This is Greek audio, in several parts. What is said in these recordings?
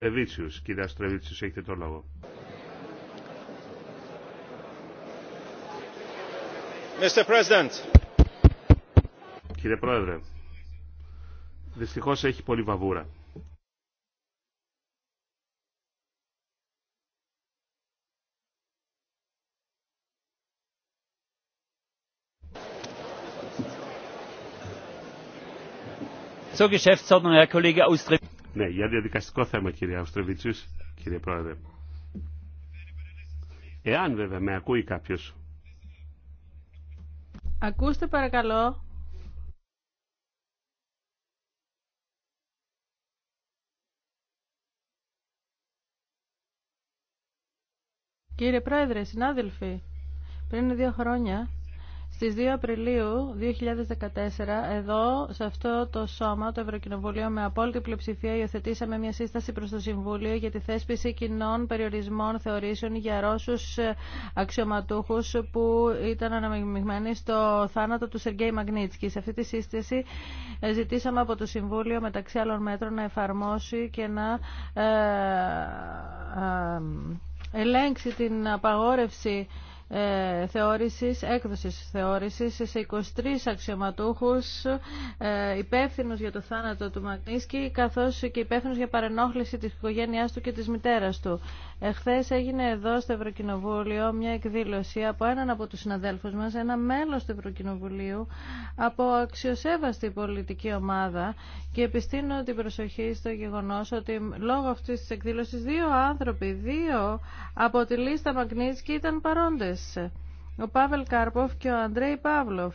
Στρεβίτσιους. Κύριε Στρεβίτσιους, έχετε το λόγο. Mr. President. Κύριε Πρόεδρε, δυστυχώς έχει πολύ βαβούρα. So, Geschäftsordnung, Herr Kollege ναι, για διαδικαστικό θέμα κύριε Αυστρεβίτσιους, κύριε Πρόεδρε. Εάν βέβαια με ακούει κάποιος. Ακούστε παρακαλώ. Κύριε Πρόεδρε, συνάδελφοι, πριν δύο χρόνια στις 2 Απριλίου 2014, εδώ, σε αυτό το σώμα, το Ευρωκοινοβούλιο, με απόλυτη πλειοψηφία υιοθετήσαμε μια σύσταση προς το Συμβούλιο για τη θέσπιση κοινών περιορισμών θεωρήσεων για Ρώσους αξιωματούχους που ήταν αναμειγμένοι στο θάνατο του Σεργέη Μαγνίτσκι. Σε αυτή τη σύσταση ε, ζητήσαμε από το Συμβούλιο, μεταξύ άλλων μέτρων, να εφαρμόσει και να ε, ε, ελέγξει την απαγόρευση ε, θεώρησης, έκδοσης θεώρησης σε 23 αξιωματούχους ε, υπεύθυνου για το θάνατο του Μαγνίσκη καθώς και υπεύθυνου για παρενόχληση της οικογένειάς του και της μητέρας του. Εχθές έγινε εδώ στο Ευρωκοινοβούλιο μια εκδήλωση από έναν από τους συναδέλφους μας, ένα μέλος του Ευρωκοινοβουλίου από αξιοσέβαστη πολιτική ομάδα και επιστήνω την προσοχή στο γεγονός ότι λόγω αυτής της εκδήλωσης δύο άνθρωποι, δύο από τη λίστα Μαγνίσκη ήταν παρόντες ο Πάβελ Κάρποφ και ο Αντρέι Παύλοφ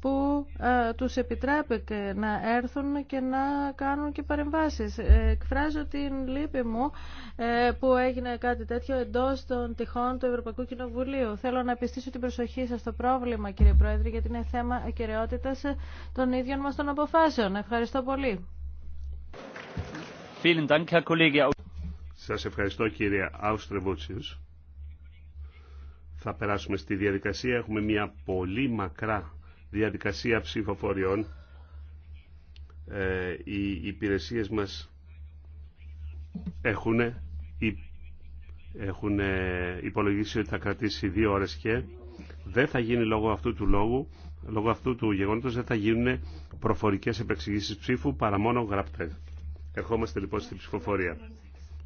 που ε, τους επιτρέπεται να έρθουν και να κάνουν και παρεμβάσεις. Ε, εκφράζω την λύπη μου ε, που έγινε κάτι τέτοιο εντός των τυχών του Ευρωπαϊκού Κοινοβουλίου. Θέλω να επιστήσω την προσοχή σας στο πρόβλημα κύριε Πρόεδρε γιατί είναι θέμα ακεραιότητας των ίδιων μας των αποφάσεων. Ευχαριστώ πολύ. Σας ευχαριστώ κύριε Αουστρεβούτσιος θα περάσουμε στη διαδικασία. Έχουμε μια πολύ μακρά διαδικασία ψηφοφοριών. Ε, οι υπηρεσίες μας έχουν, έχουν υπολογίσει ότι θα κρατήσει δύο ώρες και δεν θα γίνει λόγω αυτού του λόγου, λόγω αυτού του γεγονότος δεν θα γίνουν προφορικές επεξηγήσεις ψήφου παρά μόνο γραπτές. Ερχόμαστε λοιπόν στην ψηφοφορία.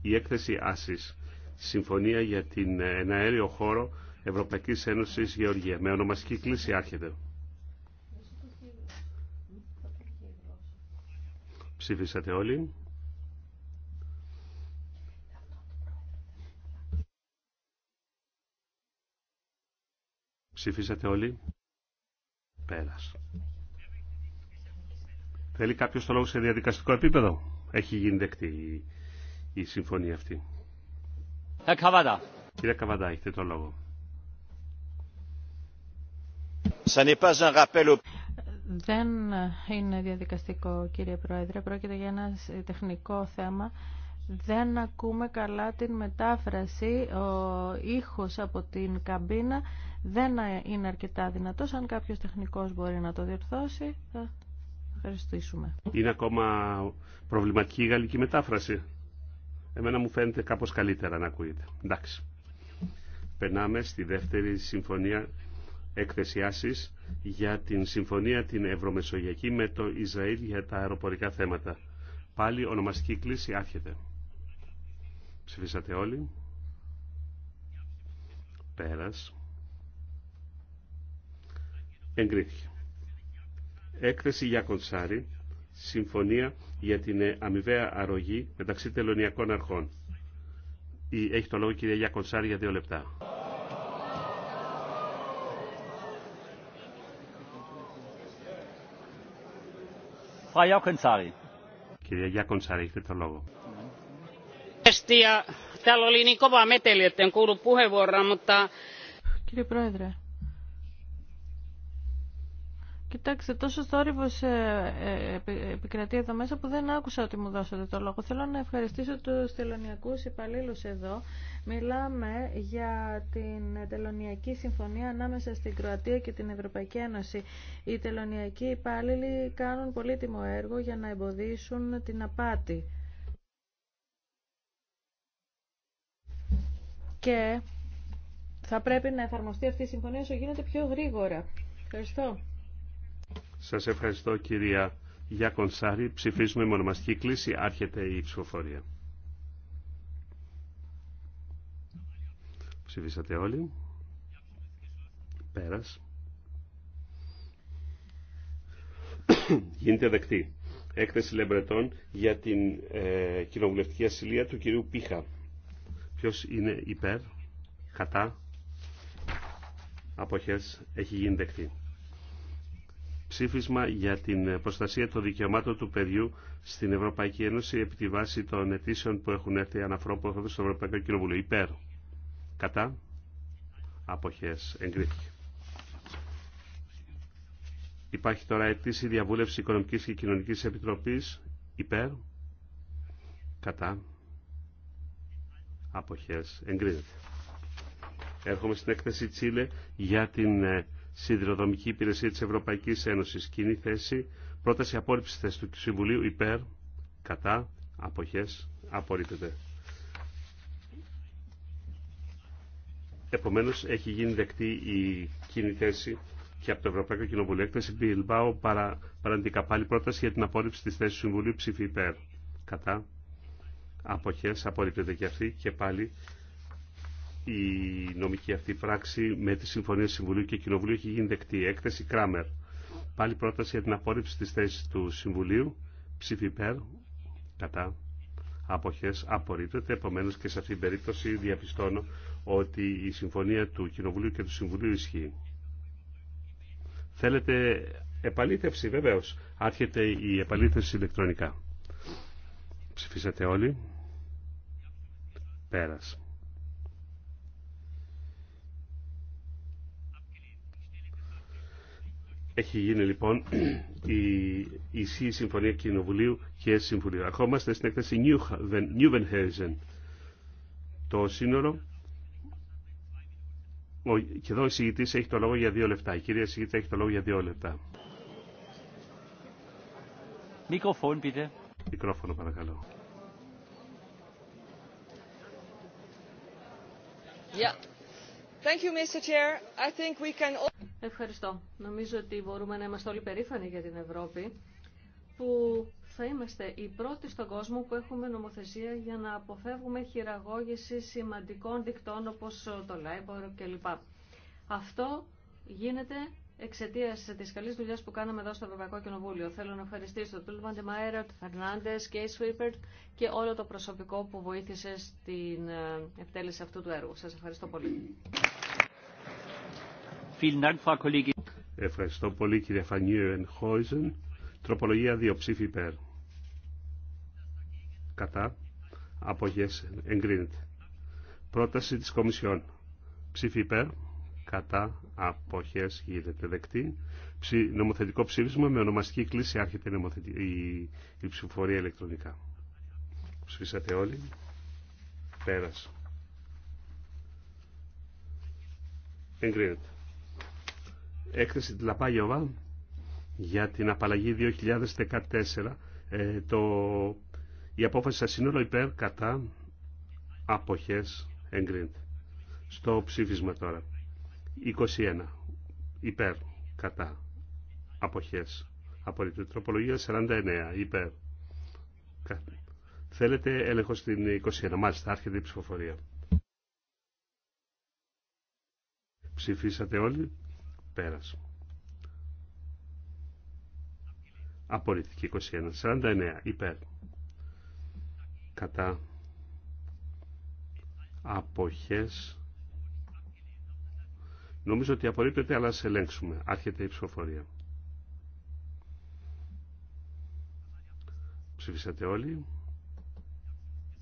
Η έκθεση ΆΣΙΣ, Συμφωνία για την Εναέριο Χώρο Ευρωπαϊκή Ένωση Γεωργία. Με ονομαστική κλίση άρχεται. Ψήφισατε όλοι. Ψήφισατε όλοι. Πέρας. Θέλει κάποιο το λόγο σε διαδικαστικό επίπεδο. Έχει γίνει δεκτή η, η συμφωνία αυτή. Κύριε Καβαντά, έχετε το λόγο. Δεν είναι διαδικαστικό, κύριε Πρόεδρε. Πρόκειται για ένα τεχνικό θέμα. Δεν ακούμε καλά την μετάφραση. Ο ήχος από την καμπίνα δεν είναι αρκετά δυνατός. Αν κάποιος τεχνικός μπορεί να το διορθώσει, θα ευχαριστήσουμε. Είναι ακόμα προβληματική η γαλλική μετάφραση. Εμένα μου φαίνεται κάπως καλύτερα να ακούγεται. Εντάξει. Περνάμε στη δεύτερη συμφωνία εκθεσιάσεις για την συμφωνία την Ευρωμεσογειακή με το Ισραήλ για τα αεροπορικά θέματα. Πάλι ονομαστική κλίση άρχεται. Ψηφίσατε όλοι. Πέρας. Εγκρίθηκε. Έκθεση για κονσάρι. Συμφωνία για την αμοιβαία αρρωγή μεταξύ τελωνιακών αρχών. Έχει το λόγο η κυρία Γιακονσάρη για δύο λεπτά. Κυρία Γιάκονσάρη, έχετε το λόγο. Κύριε Πρόεδρε, Κοιτάξτε, τόσο θόρυβο ε, ε, επικρατεί εδώ μέσα που δεν άκουσα ότι μου δώσατε το λόγο. Θέλω να ευχαριστήσω του τελωνιακού υπαλλήλου εδώ Μιλάμε για την τελωνιακή συμφωνία ανάμεσα στην Κροατία και την Ευρωπαϊκή Ένωση. Οι τελωνιακοί υπάλληλοι κάνουν πολύτιμο έργο για να εμποδίσουν την απάτη. Και θα πρέπει να εφαρμοστεί αυτή η συμφωνία όσο γίνεται πιο γρήγορα. Ευχαριστώ. Σας ευχαριστώ κυρία Γιάκονσάρη. Ψηφίζουμε μονομαστική κλίση. Άρχεται η ψηφοφορία. Ψηφίσατε όλοι. Πέρας. Γίνεται δεκτή. Έκθεση Λεμπρετών για την ε, κοινοβουλευτική ασυλία του κυρίου Πίχα. Ποιος είναι υπέρ, κατά, αποχές, έχει γίνει δεκτή. Ψήφισμα για την προστασία των δικαιωμάτων του παιδιού στην Ευρωπαϊκή Ένωση επί τη βάση των αιτήσεων που έχουν έρθει αναφρόπωθα στο Ευρωπαϊκό Κοινοβούλιο. Υπέρ. Κατά. Αποχές. Εγκρίθηκε. Υπάρχει τώρα αιτήση διαβούλευση Οικονομικής και Κοινωνικής Επιτροπής υπέρ, κατά, αποχές, Εγκρίθηκε. Έρχομαι στην έκθεση Τσίλε για την ε, Σιδηροδομική Υπηρεσία της Ευρωπαϊκής Ένωσης. Κοινή θέση, πρόταση απόρριψης θέσης του Συμβουλίου υπέρ, κατά, αποχές, απορρίπτεται. Επομένως έχει γίνει δεκτή η κοινή θέση και από το Ευρωπαϊκό Κοινοβούλιο. Έκθεση Μπιλμπάο παρα, παραντικά πάλι πρόταση για την απόρριψη της θέσης του Συμβουλίου ψήφι υπέρ. Κατά. Αποχές απορρίπτεται και αυτή και πάλι η νομική αυτή πράξη με τη Συμφωνία Συμβουλίου και Κοινοβουλίου έχει γίνει δεκτή. Έκθεση Κράμερ. Πάλι πρόταση για την απόρριψη της θέσης του Συμβουλίου ψήφι υπέρ. Κατά. Αποχές απορρίπτεται. Επομένως και σε αυτήν την περίπτωση διαπιστώνω ότι η συμφωνία του Κοινοβουλίου και του Συμβουλίου ισχύει. Θέλετε επαλήθευση βεβαίως. Άρχεται η επαλήθευση ηλεκτρονικά. Ψηφίσατε όλοι. Πέρας. Έχει γίνει λοιπόν η ισχύ συμφωνία Κοινοβουλίου και Συμβουλίου. Αρχόμαστε στην έκθεση Νιούβενχέιζεν. Το σύνορο ο, και εδώ η εισηγητής έχει το λόγο για δύο λεπτά. Η κυρία εισηγητή έχει το λόγο για δύο λεπτά. Μικρόφωνο, πείτε. Μικρόφωνο, παρακαλώ. Ευχαριστώ. Νομίζω ότι μπορούμε να είμαστε όλοι περήφανοι για την Ευρώπη που θα είμαστε οι πρώτοι στον κόσμο που έχουμε νομοθεσία για να αποφεύγουμε χειραγώγηση σημαντικών δικτών όπως το Λάιμπορο κλπ. Αυτό γίνεται εξαιτία τη καλή δουλειά που κάναμε εδώ στο Ευρωπαϊκό Κοινοβούλιο. Θέλω να ευχαριστήσω τον Τούλμαν Ντεμαέρα, τον Φερνάντε, Κέι Σουίπερτ και όλο το προσωπικό που βοήθησε στην εκτέλεση αυτού του έργου. Σα ευχαριστώ πολύ. Ευχαριστώ πολύ κύριε Φανίου Ενχόιζεν. Τροπολογία 2. Ψήφι υπέρ. Κατά. Αποχές εγκρίνεται. Πρόταση της Κομισιόν. Ψήφι υπέρ. Κατά. Αποχές γίνεται δεκτή. Ψη, νομοθετικό ψήφισμα με ονομαστική κλίση άρχεται η, ψηφοφορία ηλεκτρονικά. Ψηφίσατε όλοι. Πέρασε. Εγκρίνεται. Έκθεση τη Λαπάγιοβα για την απαλλαγή 2014 ε, το, η απόφαση σας σύνολο υπέρ κατά αποχές εγκρίνεται. Στο ψήφισμα τώρα. 21 υπέρ κατά αποχές την Τροπολογία 49 υπέρ. Κα... Θέλετε έλεγχο στην 21. Μάλιστα, άρχεται η ψηφοφορία. Ψηφίσατε όλοι. Πέρασε. Απορρίφθηκε 21. 49 υπέρ. Κατά αποχές. Νομίζω ότι απορρίπτεται, αλλά σε ελέγξουμε. Άρχεται η ψηφοφορία. Ψηφίσατε όλοι.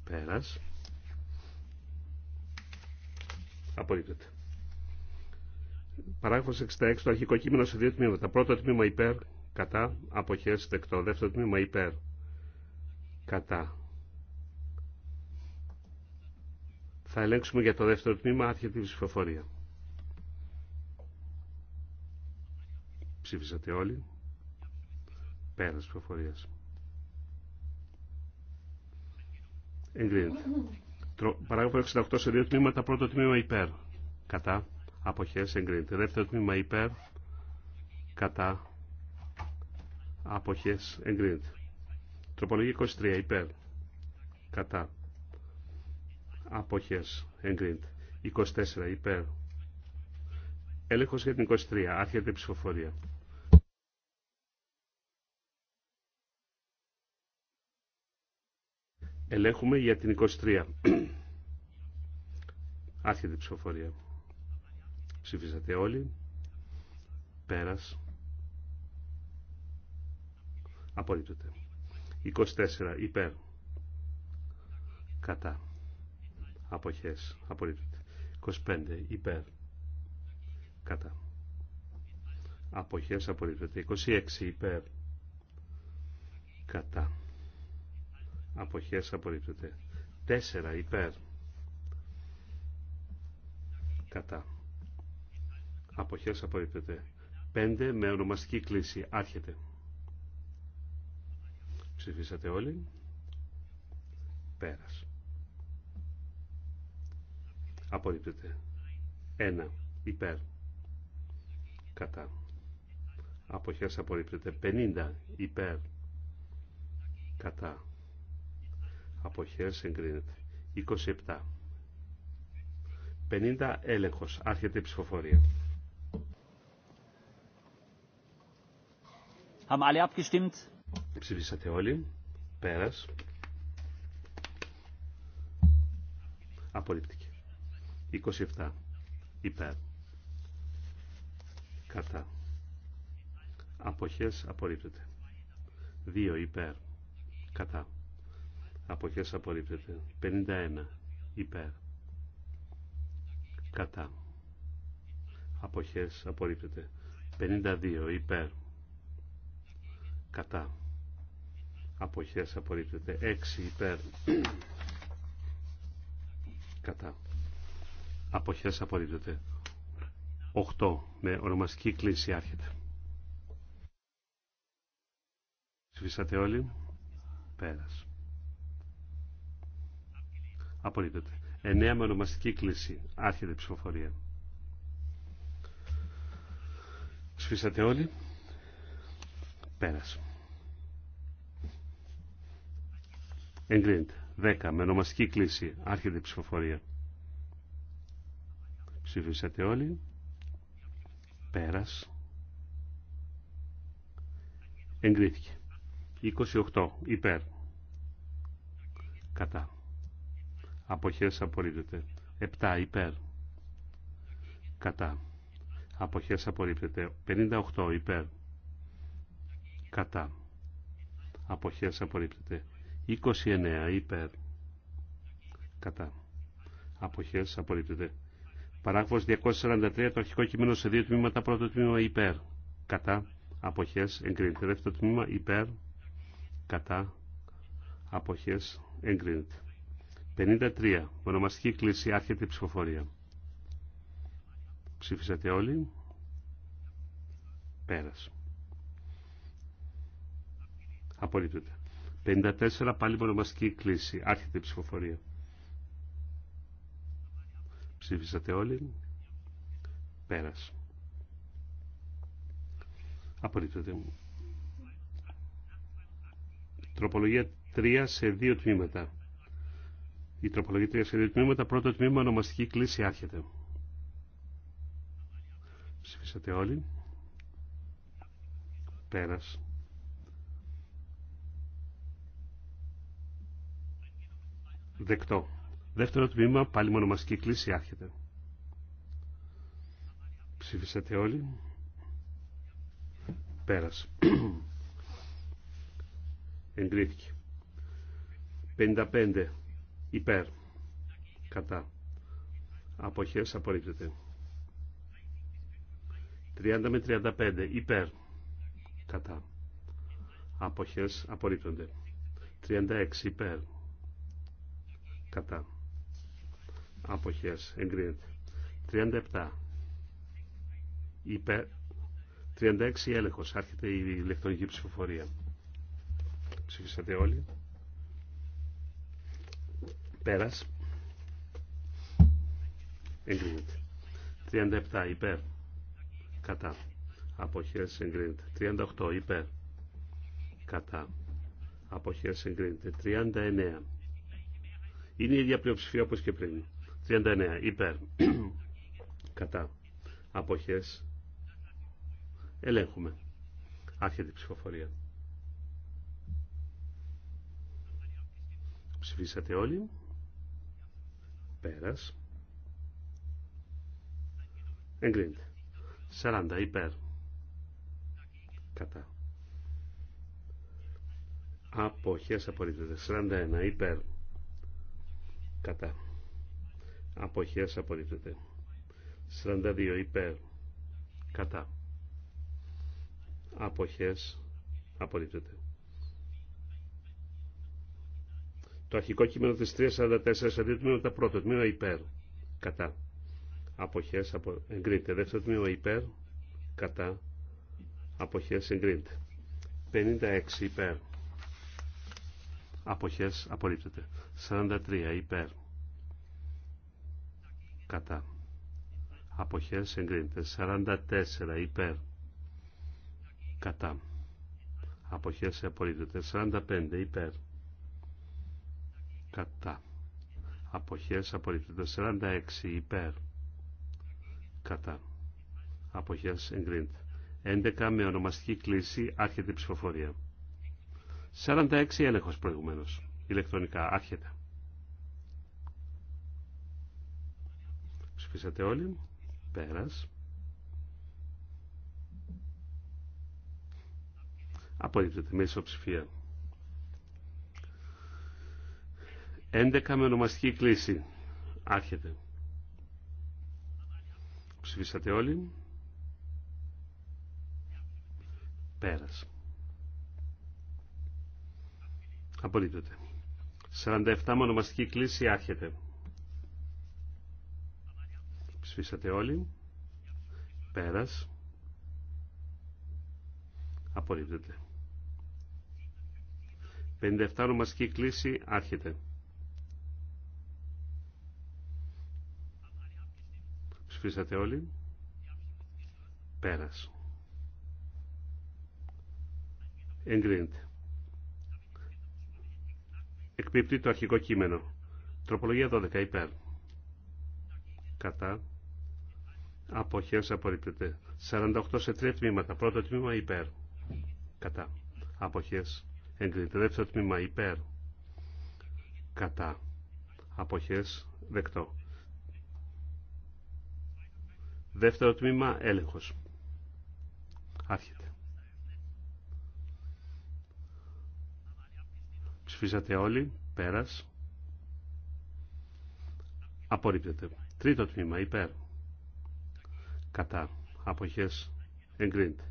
Πέρας. Απορρίπτεται. Παράγραφος 66, το αρχικό κείμενο σε δύο τμήματα. Πρώτο τμήμα υπέρ, κατά αποχές δεκτό. Δεύτερο τμήμα υπέρ κατά. Θα ελέγξουμε για το δεύτερο τμήμα άρχεται η ψηφοφορία. Ψήφισατε όλοι. Πέρας ψηφοφορίας. Εγκρίνεται. Παράγραφο 68 σε δύο τμήματα. Πρώτο τμήμα υπέρ. Κατά. Αποχές εγκρίνεται. Δεύτερο τμήμα υπέρ. Κατά αποχές εγκρίνεται. Τροπολογία 23 υπέρ κατά αποχές εγκρίνεται. 24 υπέρ. Έλεγχος για την 23. Άρχεται η ψηφοφορία. Ελέγχουμε για την 23. Άρχεται η ψηφοφορία. Ψηφίσατε όλοι. Πέρας. Απορρίπτεται. 24 υπέρ. Κατά. Αποχές. Απορρίπτεται. 25 υπέρ. Κατά. Αποχές απορρίπτεται. 26 υπέρ. Κατά. Αποχές απορρίπτεται. 4 υπέρ. Κατά. Αποχές απορρίπτεται. 5 με ονομαστική κλίση. Άρχεται. Ψηφίσατε όλοι. Πέρας. Απορρίπτεται. 1. Υπέρ. Κατά. Αποχές απορρίπτεται. 50. Υπέρ. Κατά. Αποχές εγκρίνεται. 27. 50 έλεγχος. Άρχεται η ψηφοφορία. Haben alle abgestimmt? Ψηφίσατε όλοι. Πέρας. Απορρίπτηκε. 27. Υπέρ. Κατά. Αποχές απορρίπτεται. 2. Υπέρ. Κατά. Αποχές απορρίπτεται. 51. Υπέρ. Κατά. Αποχές απορρίπτεται. 52. Υπέρ. Κατά αποχές απορρίπτεται 6 υπέρ κατά αποχές απορρίπτεται 8 με ονομαστική κλίση άρχεται Σφίσατε όλοι πέρας απορρίπτεται 9 με ονομαστική κλίση άρχεται η ψηφοφορία Σφίσατε όλοι πέρας Εγκρίνεται. 10. Με ονομαστική κλίση. Άρχεται η ψηφοφορία. Ψηφίσατε όλοι. Πέρας. Εγκρίθηκε. 28. Υπέρ. Κατά. Αποχές απορρίπτεται. 7. Υπέρ. Κατά. Αποχές απορρίπτεται. 58. Υπέρ. Κατά. Αποχές απορρίπτεται. 29 υπέρ κατά αποχές απορρίπτεται. Παράγραφος 243 το αρχικό κείμενο σε δύο τμήματα πρώτο τμήμα υπέρ κατά αποχές εγκρίνεται. Δεύτερο τμήμα υπέρ κατά αποχές εγκρίνεται. 53. Ονομαστική κλίση άρχεται η ψηφοφορία. Ψήφισατε όλοι. Πέρας. Απορρίπτεται. 54 πάλι μονομαστική κλίση. Άρχεται η ψηφοφορία. Ψήφισατε όλοι. Πέρας. μου. Τροπολογία 3 σε δύο τμήματα. Η τροπολογία 3 σε δύο τμήματα. Πρώτο τμήμα ονομαστική κλίση άρχεται. Ψηφίσατε όλοι. Πέρας. Δεκτό. Δεύτερο τμήμα, πάλι μονομαστική κλίση, άρχεται. Ψήφισατε όλοι. Πέρασε. Εγκρίθηκε. 55 υπέρ. Κατά. Αποχές απορρίπτεται. 30 με 35 υπέρ. Κατά. Αποχές απορρίπτονται. 36 υπέρ κατά αποχές εγκρίνεται 37 υπέρ 36 έλεγχος άρχεται η ηλεκτρονική ψηφοφορία ψηφίσατε όλοι πέρας εγκρίνεται 37 υπέρ κατά αποχές εγκρίνεται 38 υπέρ κατά αποχές εγκρίνεται 39 είναι η ίδια πλειοψηφία όπως και πριν. 39. Υπέρ. Κατά. Αποχές. Ελέγχουμε. Άρχεται η ψηφοφορία. Ψηφίσατε όλοι. Πέρας. Εγκρίνεται. 40. Υπέρ. Κατά. Αποχές απορρίπτεται. 41. Υπέρ κατά αποχές απορρίπτεται 42 υπέρ κατά αποχές απορρίπτεται το αρχικό κείμενο της 344 σε δύο τα πρώτο τμήμα υπέρ κατά αποχές απο... εγκρίνεται δεύτερο τμήμα υπέρ κατά αποχές εγκρίνεται 56 υπέρ αποχές απορρίπτεται. 43 υπέρ κατά αποχές εγκρίνεται. 44 υπέρ κατά αποχές απορρίπτεται. 45 υπέρ κατά αποχές απορρίπτεται. 46 υπέρ κατά αποχές εγκρίνεται. 11 με ονομαστική κλίση άρχεται η ψηφοφορία. 46 έλεγχος προηγουμένως, ηλεκτρονικά, άρχεται. Ψηφίσατε όλοι, πέρας. Απορρίπτεται με ψηφία. 11 με ονομαστική κλίση. Άρχεται. Ψηφίσατε όλοι. Πέρας. Απολύτωται. 47 μονομαστική κλίση άρχεται. Ψηφίσατε όλοι. Πέρας. Απορρίπτεται. 57 ονομαστική κλίση άρχεται. Ψηφίσατε όλοι. Πέρας. Εγκρίνεται. Εκπίπτει το αρχικό κείμενο. Τροπολογία 12 υπέρ. Κατά. Αποχές απορρίπτεται. 48 σε τρία τμήματα. Πρώτο τμήμα υπέρ. Κατά. Αποχές. Εγκρίνεται. Δεύτερο τμήμα υπέρ. Κατά. Αποχές. Δεκτό. Δεύτερο τμήμα έλεγχος. Άρχεται. Φυσατε όλοι. Πέρας. Απορρίπτεται. Τρίτο τμήμα. Υπέρ. Κατά. Αποχές. Εγκρίνεται.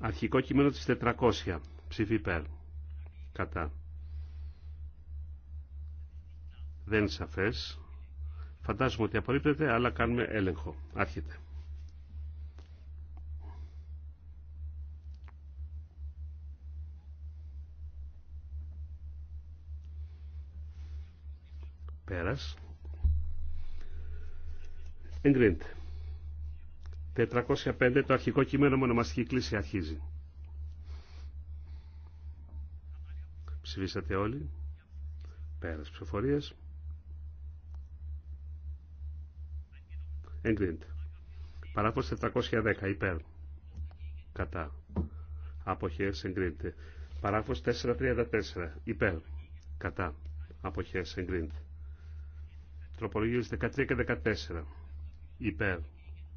Αρχικό κείμενο της 400. Ψήφι υπέρ. Κατά. Δεν είναι σαφές. Φαντάζομαι ότι απορρίπτεται, αλλά κάνουμε έλεγχο. Άρχεται. Πέρας. Εγκρίνεται. 405 το αρχικό κείμενο μονομαστική κλίση αρχίζει. Ψηφίσατε όλοι. Πέρας Ψηφοφορίες. Εγκρίνεται. Παράφος 410 υπέρ. Κατά. Αποχές εγκρίνεται. Παράγραφος 434 υπέρ. Κατά. Αποχές εγκρίνεται. Τροπολογίες 13 και 14. Υπέρ.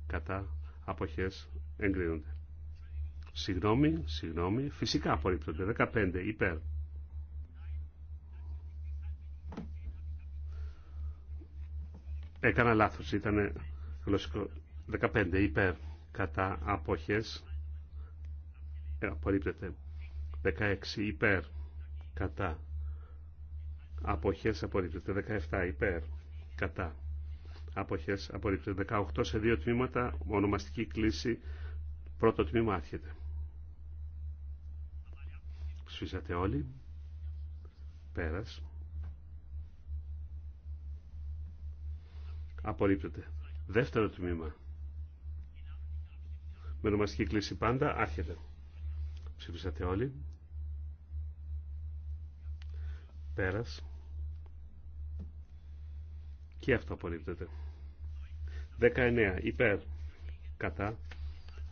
Κατά. Αποχές. Εγκρίνονται. Συγγνώμη, συγγνώμη. Φυσικά απορρίπτονται. 15. Υπέρ. Έκανα λάθος. Ήταν γλωσσικό. 15. Ε, υπέρ. Κατά. Αποχές. απορρίπτεται. 16. Υπέρ. Κατά. Αποχές απορρίπτεται. 17. Υπέρ κατά αποχές 18 σε δύο τμήματα ονομαστική κλίση πρώτο τμήμα άρχεται ψήσατε όλοι πέρας απορρίπτεται δεύτερο τμήμα με ονομαστική κλίση πάντα άρχεται ψήφισατε όλοι πέρας και αυτό απορρίπτεται. 19 υπέρ κατά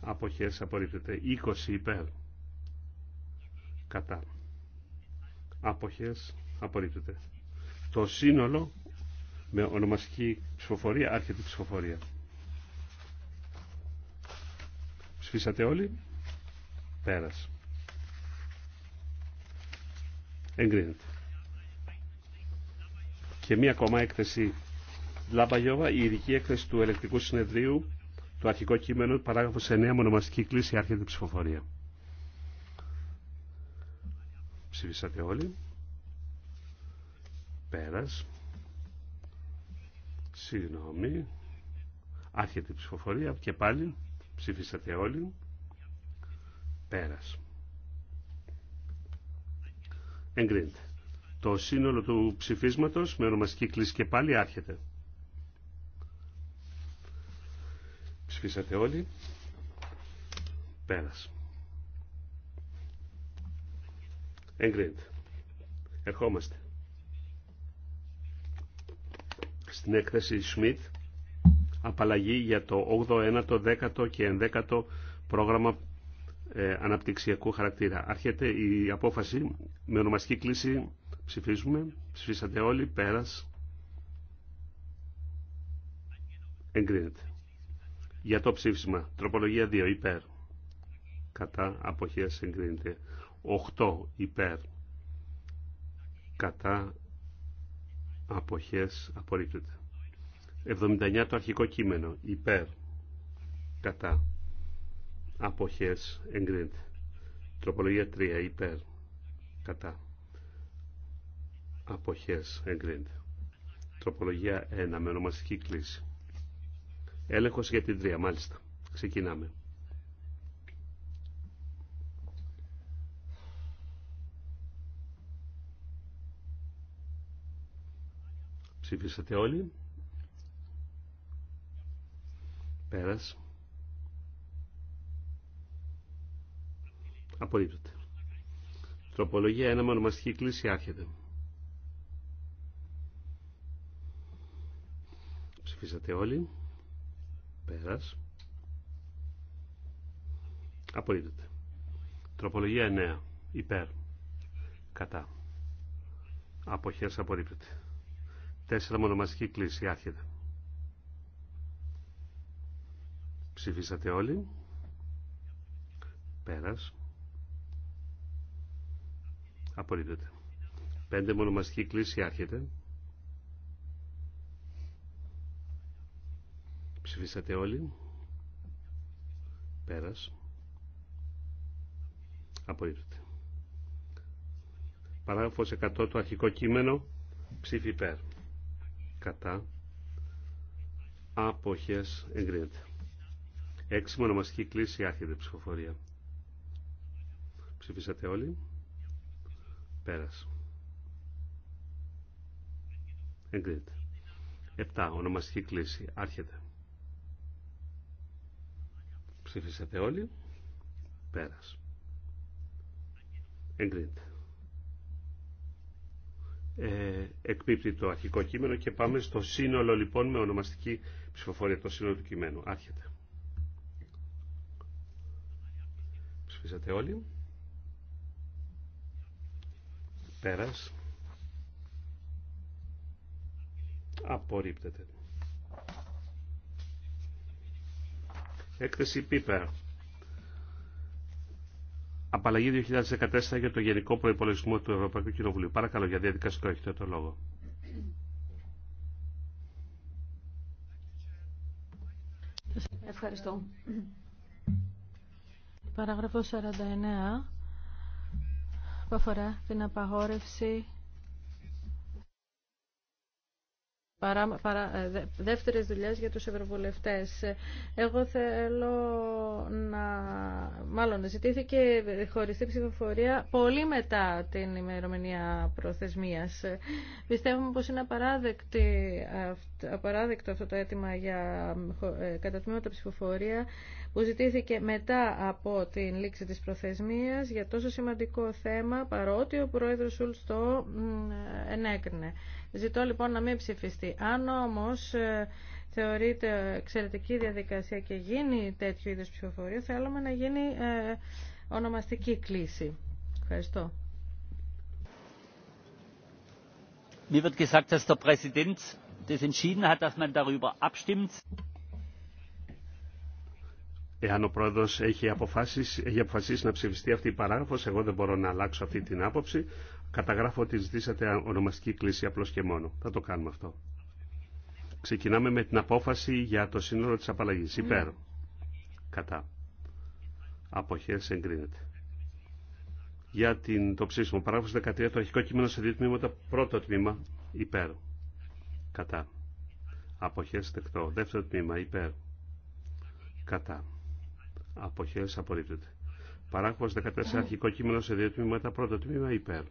αποχές απορρίπτεται. 20 υπέρ κατά αποχές απορρίπτεται. Το σύνολο με ονομαστική ψηφοφορία, άρχεται ψηφοφορία. Ψηφίσατε όλοι. πέρας. Εγκρίνεται. Και μία ακόμα έκθεση Λαμπαγιώβα, η ειδική έκθεση του ελεκτικού συνεδρίου, το αρχικό κείμενο, παράγραφος 9, μονομαστική κλίση, άρχεται ψηφοφορία. Ψηφίσατε όλοι. Πέρας. Συγγνώμη. Άρχεται η ψηφοφορία και πάλι. Ψηφίσατε όλοι. Πέρας. Εγκρίνεται. Το σύνολο του ψηφίσματος με ονομαστική κλίση και πάλι άρχεται. Ψηφίσατε όλοι. Πέρας. Εγκρίνεται. Ερχόμαστε. Στην έκθεση Σμιτ απαλλαγή για το 8ο, 9ο, 10ο και 11ο πρόγραμμα ε, αναπτυξιακού χαρακτήρα. Άρχεται η απόφαση με ονομαστική κλίση. Ψηφίζουμε. Ψηφίσατε όλοι. Πέρας. Εγκρίνεται για το ψήφισμα. Τροπολογία 2 υπέρ. Κατά Αποχέ. εγκρίνεται. 8 υπέρ. Κατά αποχές απορρίπτεται. 79 το αρχικό κείμενο. Υπέρ. Κατά απόχέ εγκρίνεται. Τροπολογία 3 υπέρ. Κατά Αποχέ εγκρίνεται. Τροπολογία 1 με ονομαστική κλίση. Έλεγχος για την τρία, μάλιστα. Ξεκινάμε. Ψηφίσατε όλοι. Πέρας. Απορρίπτωτε. Τροπολογία 1 με ονομαστική κλίση άρχεται. Ψηφίσατε όλοι. Πέρας. Απορρίπτεται. Τροπολογία 9. Υπέρ. Κατά. Αποχές απορρίπτεται. Τέσσερα μονομαστική κλίση. Άρχεται. Ψηφίσατε όλοι. Πέρας. Απορρίπτεται. Πέντε μονομαστική κλίση. Άρχεται. Ψηφίσατε όλοι. Πέρας. Απορρίπτεται. Παράγραφος 100 το αρχικό κείμενο. Ψήφι υπέρ. Κατά. Αποχές εγκρίνεται. Έξι μονομαστική κλίση άρχεται ψηφοφορία. Ψηφίσατε όλοι. Πέρας. Εγκρίνεται. 7. Ονομαστική κλίση. Άρχεται. Ψήφισατε όλοι. Πέρας. Εγκρίνεται. Ε, εκπίπτει το αρχικό κείμενο και πάμε στο σύνολο λοιπόν με ονομαστική ψηφοφορία. Το σύνολο του κειμένου. Άρχεται. Ψηφίσατε όλοι. Πέρας. Απορρίπτεται. Έκθεση Πίπερ. Απαλλαγή 2014 για το Γενικό Προπολογισμό του Ευρωπαϊκού Κοινοβουλίου. Παρακαλώ για διαδικαστικό έχετε το λόγο. Ευχαριστώ. Παράγραφος 49 που αφορά την απαγόρευση παρά, παρά, ε, δεύτερες δουλειές για τους ευρωβουλευτές. Εγώ θέλω να... Μάλλον ζητήθηκε χωριστή ψηφοφορία πολύ μετά την ημερομηνία προθεσμίας. Πιστεύουμε πως είναι απαράδεκτο αυτό το αίτημα για ε, κατατμήματα ψηφοφορία που ζητήθηκε μετά από την λήξη της προθεσμίας για τόσο σημαντικό θέμα παρότι ο πρόεδρος Σουλς το ενέκρινε. Ζητώ λοιπόν να μην ψηφιστεί. Αν όμως ε, θεωρείται εξαιρετική διαδικασία και γίνει τέτοιου είδους ψηφοφορία, θέλουμε να γίνει ε, ονομαστική κλίση. Ευχαριστώ. Mir wird gesagt, dass der Präsident das entschieden hat, dass man darüber abstimmt. Εάν ο πρόεδρος έχει, αποφάσεις, έχει αποφασίσει να ψηφιστεί αυτή η παράγραφος. εγώ δεν μπορώ να αλλάξω αυτή την άποψη καταγράφω ότι ζητήσατε ονομαστική κλίση απλώ και μόνο. Θα το κάνουμε αυτό. Ξεκινάμε με την απόφαση για το σύνολο της απαλλαγής. Ναι. Υπέρ. Κατά. Αποχέ εγκρίνεται. Για την, το ψήφισμα. Παράγραφος 13. Το αρχικό κείμενο σε δύο τμήματα. Πρώτο τμήμα. Υπέρ. Κατά. Αποχέ δεκτό. Δεύτερο τμήμα. Υπέρ. Κατά. Αποχέ απορρίπτεται. Παράγραφος 14. Αρχικό κείμενο σε δύο τμήματα. Πρώτο τμήμα. Υπέρ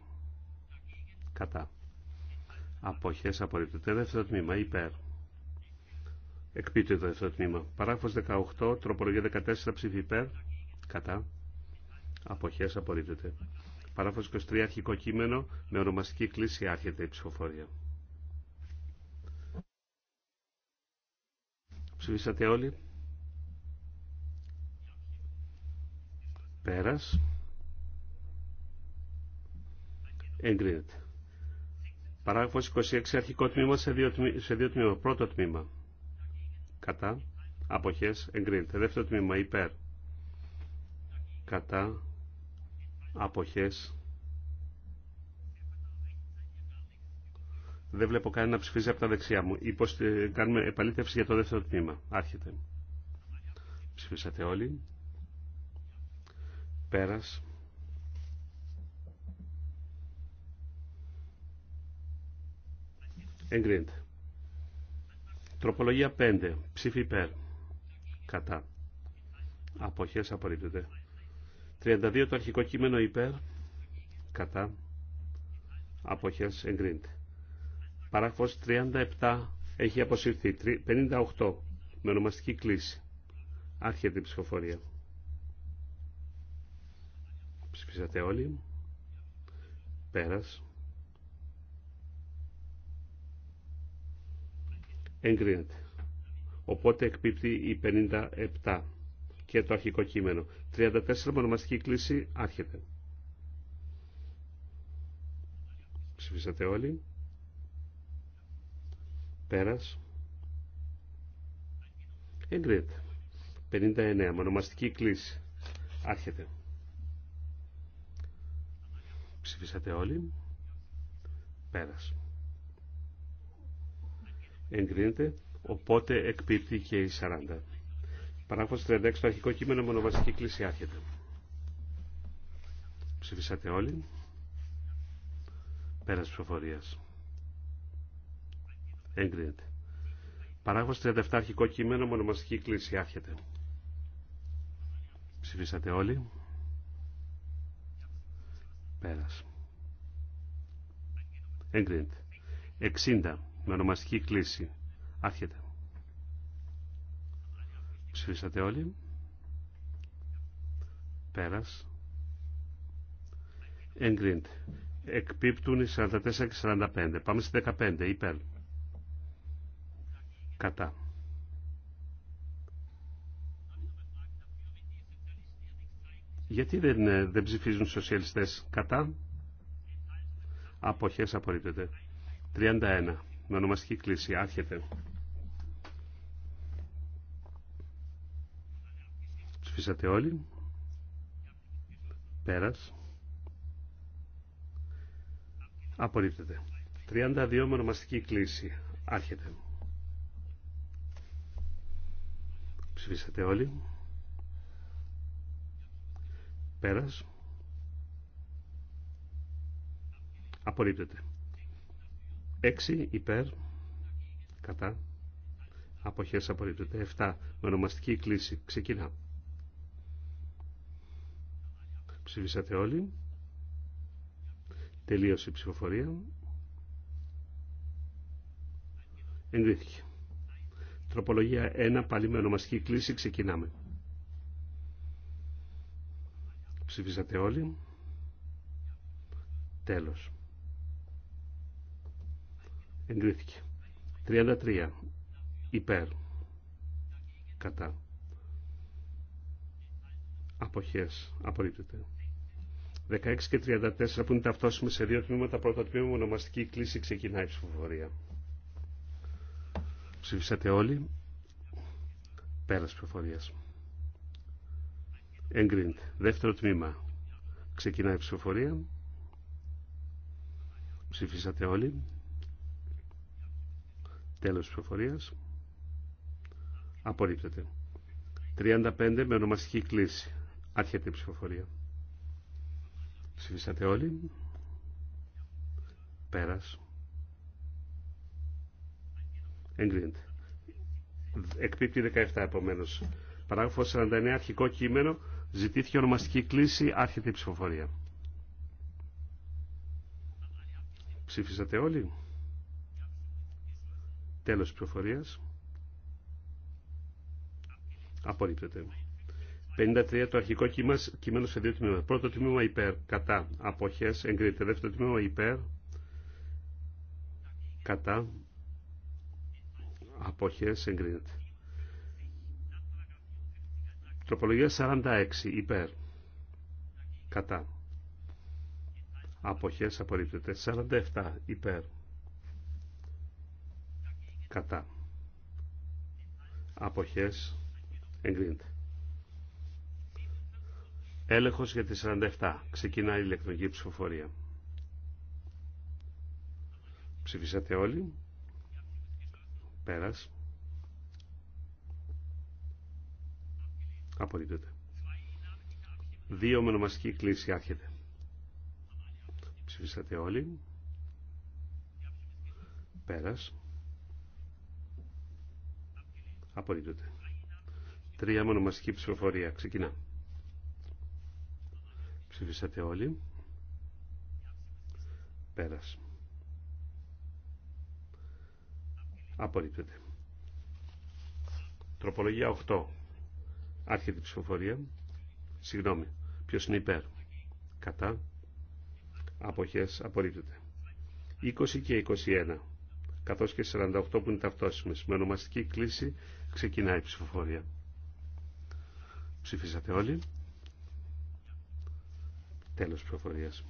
κατά αποχές απορρίπτεται δεύτερο τμήμα υπέρ Εκπίτω το δεύτερο τμήμα παράγραφος 18 τροπολογία 14 ψήφι υπέρ κατά αποχές απορρίπτεται παράγραφος 23 αρχικό κείμενο με ονομαστική κλίση άρχεται η ψηφοφορία ψηφίσατε όλοι πέρας εγκρίνεται Παράγραφος 26 αρχικό τμήμα σε δύο, σε τμήμα. Πρώτο τμήμα. Κατά. Αποχές εγκρίνεται. Δεύτερο τμήμα υπέρ. Κατά. Αποχές. Δεν βλέπω κανένα να ψηφίζει από τα δεξιά μου. ότι ε, κάνουμε επαλήθευση για το δεύτερο τμήμα. Άρχεται. Ψηφίσατε όλοι. Πέρας. Εγκρίνεται. Τροπολογία 5. Ψήφι υπέρ. Κατά. Αποχές απορρίπτεται. 32 το αρχικό κείμενο υπέρ. Κατά. Αποχές εγκρίνεται. Παράγραφος 37 έχει αποσυρθεί. 58 με ονομαστική κλίση. Άρχεται η ψηφοφορία. Ψηφίσατε όλοι. Πέρας. εγκρίνεται. Οπότε εκπίπτει η 57 και το αρχικό κείμενο. 34 μονομαστική κλίση άρχεται. Ψηφίσατε όλοι. Πέρας. Εγκρίνεται. 59 μονομαστική κλίση άρχεται. Ψηφίσατε όλοι. Πέρας εγκρίνεται, οπότε εκπίπτει και η 40. Παράγραφος 36, το αρχικό κείμενο μονομαστική κλίση άρχεται. Ψηφίσατε όλοι. Πέρας ψηφοφορίας. Εγκρίνεται. Παράγραφος 37, αρχικό κείμενο μονομαστική κλίση άρχεται. Ψηφίσατε όλοι. Πέρας. Εγκρίνεται. 60 με ονομαστική κλίση. Άρχεται. Ψηφίσατε όλοι. Πέρας. Εγκρίνεται. Εκπίπτουν οι 44 και 45. Πάμε στη 15. Υπέρ. Κατά. Γιατί δεν, ε, δεν ψηφίζουν οι σοσιαλιστές κατά. Αποχές απορρίπτεται. 31 με ονομαστική κλίση. Άρχεται. Ψηφίσατε όλοι. Πέρας. Απορρίπτεται. 32 με ονομαστική κλίση. Άρχεται. Ψηφίσατε όλοι. Πέρας. Απορρίπτεται. 6 υπέρ κατά αποχές απορρίπτεται 7 με ονομαστική κλίση ξεκινά ψηφίσατε όλοι τελείωσε η ψηφοφορία εγκρίθηκε τροπολογία 1 πάλι με ονομαστική κλίση ξεκινάμε ψηφίσατε όλοι τέλος Εγκρίθηκε. 33. Υπέρ. Κατά. Αποχές. Απορρίπτεται. 16 και 34 που είναι ταυτόσιμες σε δύο τμήματα. Πρώτο τμήμα ονομαστική κλίση ξεκινάει η ψηφοφορία. Ψήφισατε όλοι. Πέρας ψηφοφορίας. Εγκρίνεται. Δεύτερο τμήμα. Ξεκινάει η ψηφοφορία. Ψηφίσατε όλοι. Τέλος της προφορίας. Απορρίπτεται. 35 με ονομαστική κλίση. Άρχεται η ψηφοφορία. Ψηφίσατε όλοι. Πέρας. Εγκρίνεται. Εκπίπτει 17 επομένως. Παράγωφο 49 αρχικό κείμενο. Ζητήθηκε ονομαστική κλίση. Άρχεται η ψηφοφορία. Ψήφισατε όλοι. Τέλος της προφορίας. Απορρίπτεται. 53 το αρχικό κείμενο σε δύο τμήματα. Πρώτο τμήμα υπέρ, κατά, αποχές, εγκρίνεται. Δεύτερο τμήμα υπέρ, κατά, αποχές, εγκρίνεται. Τροπολογία 46 υπέρ, κατά, αποχές, απορρίπτεται. 47 υπέρ, κατά αποχές εγκρίνεται. Έλεγχος για τη 47. Ξεκινάει η ηλεκτρονική ψηφοφορία. Ψηφίσατε όλοι. Πέρας. Απορρίπτεται. Δύο με ονομαστική κλίση άρχεται. Ψηφίσατε όλοι. Πέρας. Απορρίπτεται. Τρία μονομαστική ψηφοφορία. Ξεκινά. Ψηφίσατε όλοι. Πέρας. Απορρίπτεται. Τροπολογία 8. Άρχεται η ψηφοφορία. Συγγνώμη. Ποιος είναι υπέρ. Κατά. Αποχές. Απορρίπτεται. 20 και 21. Καθώς και 48 που είναι ταυτόσιμες. Με ονομαστική κλίση Ξεκινάει η ψηφοφορία. Ψηφίσατε όλοι. Τέλος ψηφοφορίας.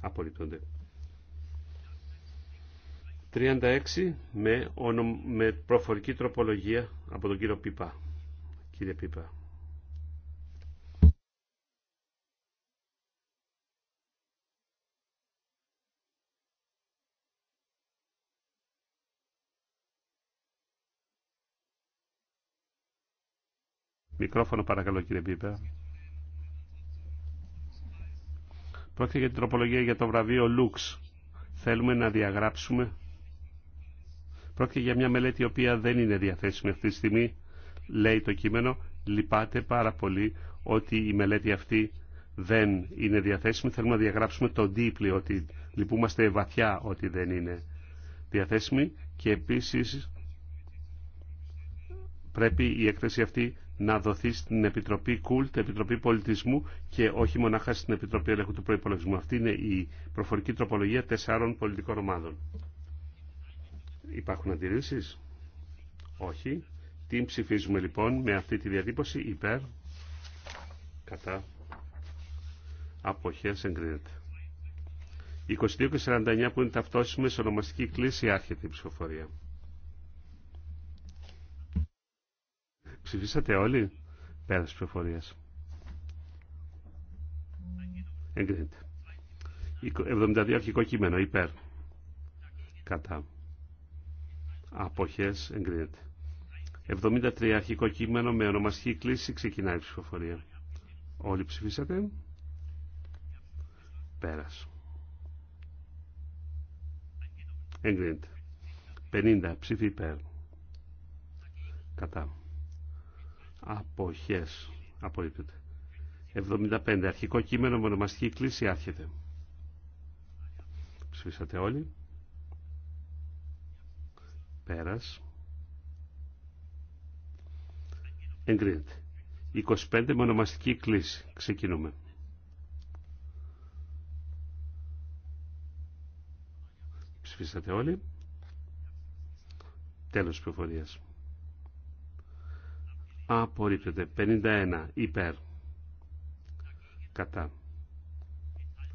Απορρίπτονται. 36 με, με προφορική τροπολογία από τον κύριο Πίπα. Κύριε Πίπα. Μικρόφωνο παρακαλώ κύριε Πίπερ. Πρόκειται για την τροπολογία για το βραβείο Λουξ. Θέλουμε να διαγράψουμε. Πρόκειται για μια μελέτη η οποία δεν είναι διαθέσιμη αυτή τη στιγμή. Λέει το κείμενο. Λυπάται πάρα πολύ ότι η μελέτη αυτή δεν είναι διαθέσιμη. Θέλουμε να διαγράψουμε το δίπλη ότι λυπούμαστε βαθιά ότι δεν είναι διαθέσιμη και επίσης πρέπει η έκθεση αυτή να δοθεί στην Επιτροπή Κουλτ, Επιτροπή Πολιτισμού και όχι μονάχα στην Επιτροπή Ελέγχου του Προπολογισμού. Αυτή είναι η προφορική τροπολογία τεσσάρων πολιτικών ομάδων. Υπάρχουν αντιρρήσει. Όχι. Τι ψηφίζουμε λοιπόν με αυτή τη διατύπωση υπέρ, κατά, αποχές εγκρίνεται. 22 και 49 που είναι ταυτόσιμε, ονομαστική κλίση άρχεται η ψηφοφορία. Ψηφίσατε όλοι. Πέρα τη πληροφορία. Εγκρίνεται. 72 αρχικό κείμενο. Υπέρ. Κατά. Αποχές. Εγκρίνεται. 73 αρχικό κείμενο με ονομαστική κλίση ξεκινάει η ψηφοφορία. Όλοι ψηφίσατε. Πέρας. Εγκρίνεται. 50 ψήφι υπέρ. Κατά. Αποχές. Απορρίπτεται. 75. Αρχικό κείμενο με ονομαστική κλίση άρχεται. Ψηφίσατε όλοι. Πέρας. Εγκρίνεται. 25 με ονομαστική κλίση. Ξεκινούμε. Ψηφίσατε όλοι. Τέλος της απορρίπτεται 51 υπέρ κατά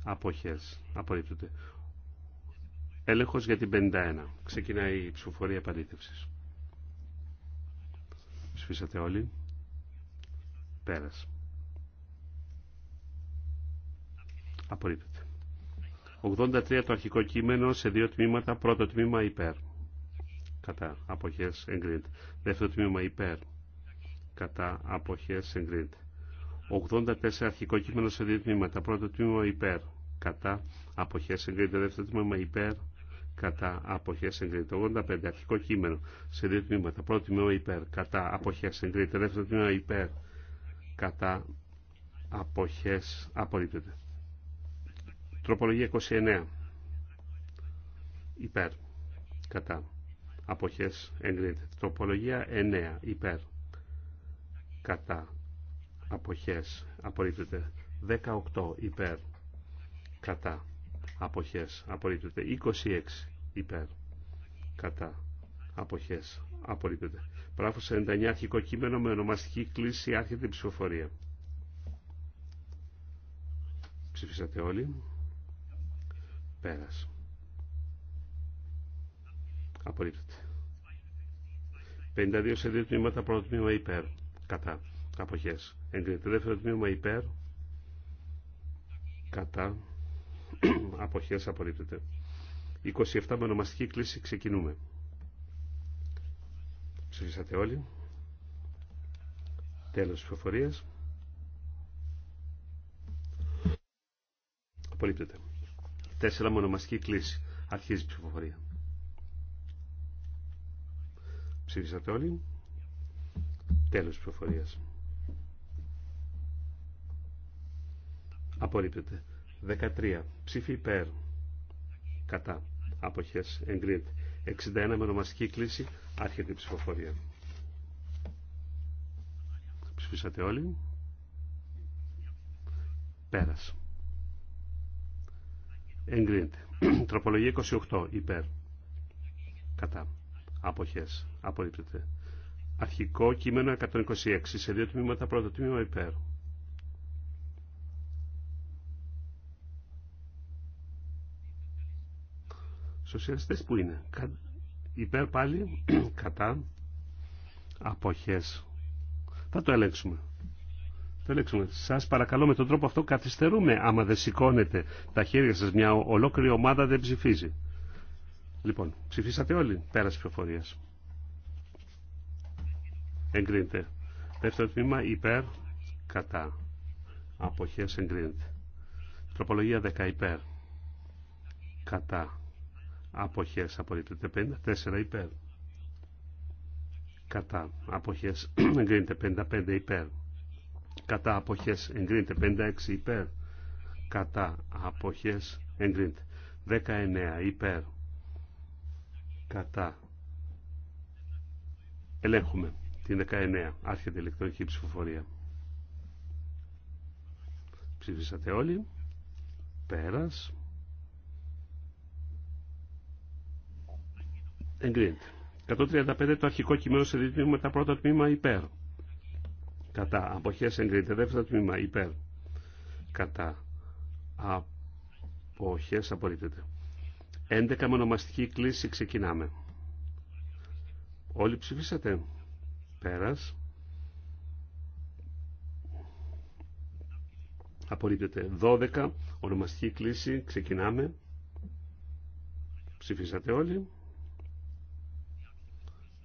αποχές απορρίπτεται έλεγχος για την 51 ξεκινάει η ψηφοφορία επαλήθευσης Σφίσατε όλοι πέρας απορρίπτεται 83 το αρχικό κείμενο σε δύο τμήματα πρώτο τμήμα υπέρ κατά αποχές εγκρίνεται δεύτερο τμήμα υπέρ κατά αποχέ εγκρίνεται. 84 αρχικό κείμενο σε δύο τμήματα. Πρώτο τμήμα υπέρ, κατά αποχέ εγκρίνεται. Δεύτερο τμήμα υπέρ, κατά απόχέ εγκρίνεται. 85 αρχικό κείμενο σε δύο τμήματα. Πρώτο τμήμα υπέρ, κατά αποχέ εγκρίνεται. Δεύτερο τμήμα υπέρ, κατά αποχέ απορρίπτεται. Τροπολογία 29 υπέρ, κατά αποχές εγκρίνεται. Τροπολογία 9 υπέρ, κατά αποχές απορρίπτεται 18 υπέρ κατά αποχές απορρίπτεται 26 υπέρ κατά αποχές απορρίπτεται πράφος 99 αρχικό κείμενο με ονομαστική κλίση άρχεται η ψηφοφορία ψηφίσατε όλοι πέρας απορρίπτεται 52 σε δύο τμήματα πρώτο τμήμα υπέρ κατά αποχές εγκρίνεται δεύτερο τμήμα υπέρ κατά αποχές απορρίπτεται 27 με ονομαστική κλίση ξεκινούμε ψηφίσατε όλοι τέλος της προφορίας απορρίπτεται 4 με ονομαστική κλίση αρχίζει η ψηφοφορία ψηφίσατε όλοι Τέλος προφορίας. Απορρίπτεται. 13. Ψήφι υπέρ. Κατά. Αποχές. Εγκρίνεται. 61 με ονομαστική κλίση. Άρχεται η ψηφοφορία. Ψηφίσατε όλοι. Πέρας. Εγκρίνεται. Τροπολογία 28. Υπέρ. Κατά. Αποχές. Απορρίπτεται αρχικό κείμενο 126 σε δύο τμήματα πρώτο τμήμα υπέρ σοσιαλιστές που είναι υπέρ πάλι κατά αποχές θα το ελέγξουμε το ελέγξουμε σας παρακαλώ με τον τρόπο αυτό καθυστερούμε άμα δεν σηκώνετε τα χέρια σας μια ολόκληρη ομάδα δεν ψηφίζει λοιπόν ψηφίσατε όλοι πέρας ψηφοφορίας εγκρίνεται. Δεύτερο τμήμα υπέρ κατά αποχές εγκρίνεται. Τροπολογία 10 υπέρ κατά αποχές απορρίπτεται 54 υπέρ κατά αποχές εγκρίνεται 55 υπέρ κατά αποχές εγκρίνεται 56 υπέρ κατά αποχές εγκρίνεται 19 υπέρ κατά ελέγχουμε την 19. Άρχεται η ηλεκτρονική ψηφοφορία. Ψήφισατε όλοι. Πέρας. Εγκρίνεται. 135 το αρχικό κείμενο σε με τα πρώτα τμήμα υπέρ. Κατά. Αποχές εγκρίνεται. Δεύτερο τμήμα υπέρ. Κατά. Αποχές απορρίπτεται. 11 ονομαστική κλίση ξεκινάμε. Όλοι ψηφίσατε πέρας απορρίπτεται 12 ονομαστική κλίση ξεκινάμε ψηφίσατε όλοι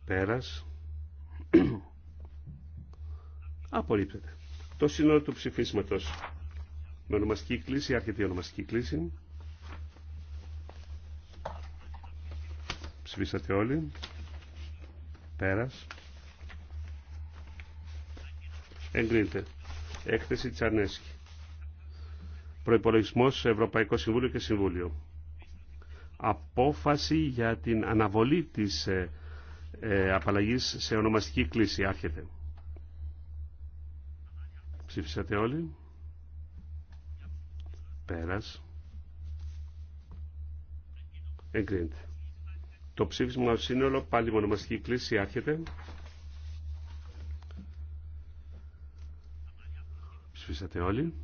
πέρας απορρίπτεται το σύνολο του ψηφίσματος με ονομαστική κλίση άρχεται η ονομαστική κλίση ψηφίσατε όλοι πέρας Εγκρίνεται. Έκθεση Τσανέσκη. Προπολογισμό Ευρωπαϊκό Συμβούλιο και Συμβούλιο. Απόφαση για την αναβολή τη ε, ε απαλλαγή σε ονομαστική κλίση. Άρχεται. Ψήφισατε όλοι. Πέρας. Εγκρίνεται. Το ψήφισμα σύνολο πάλι με ονομαστική κλίση άρχεται. Ψηφίσατε όλοι.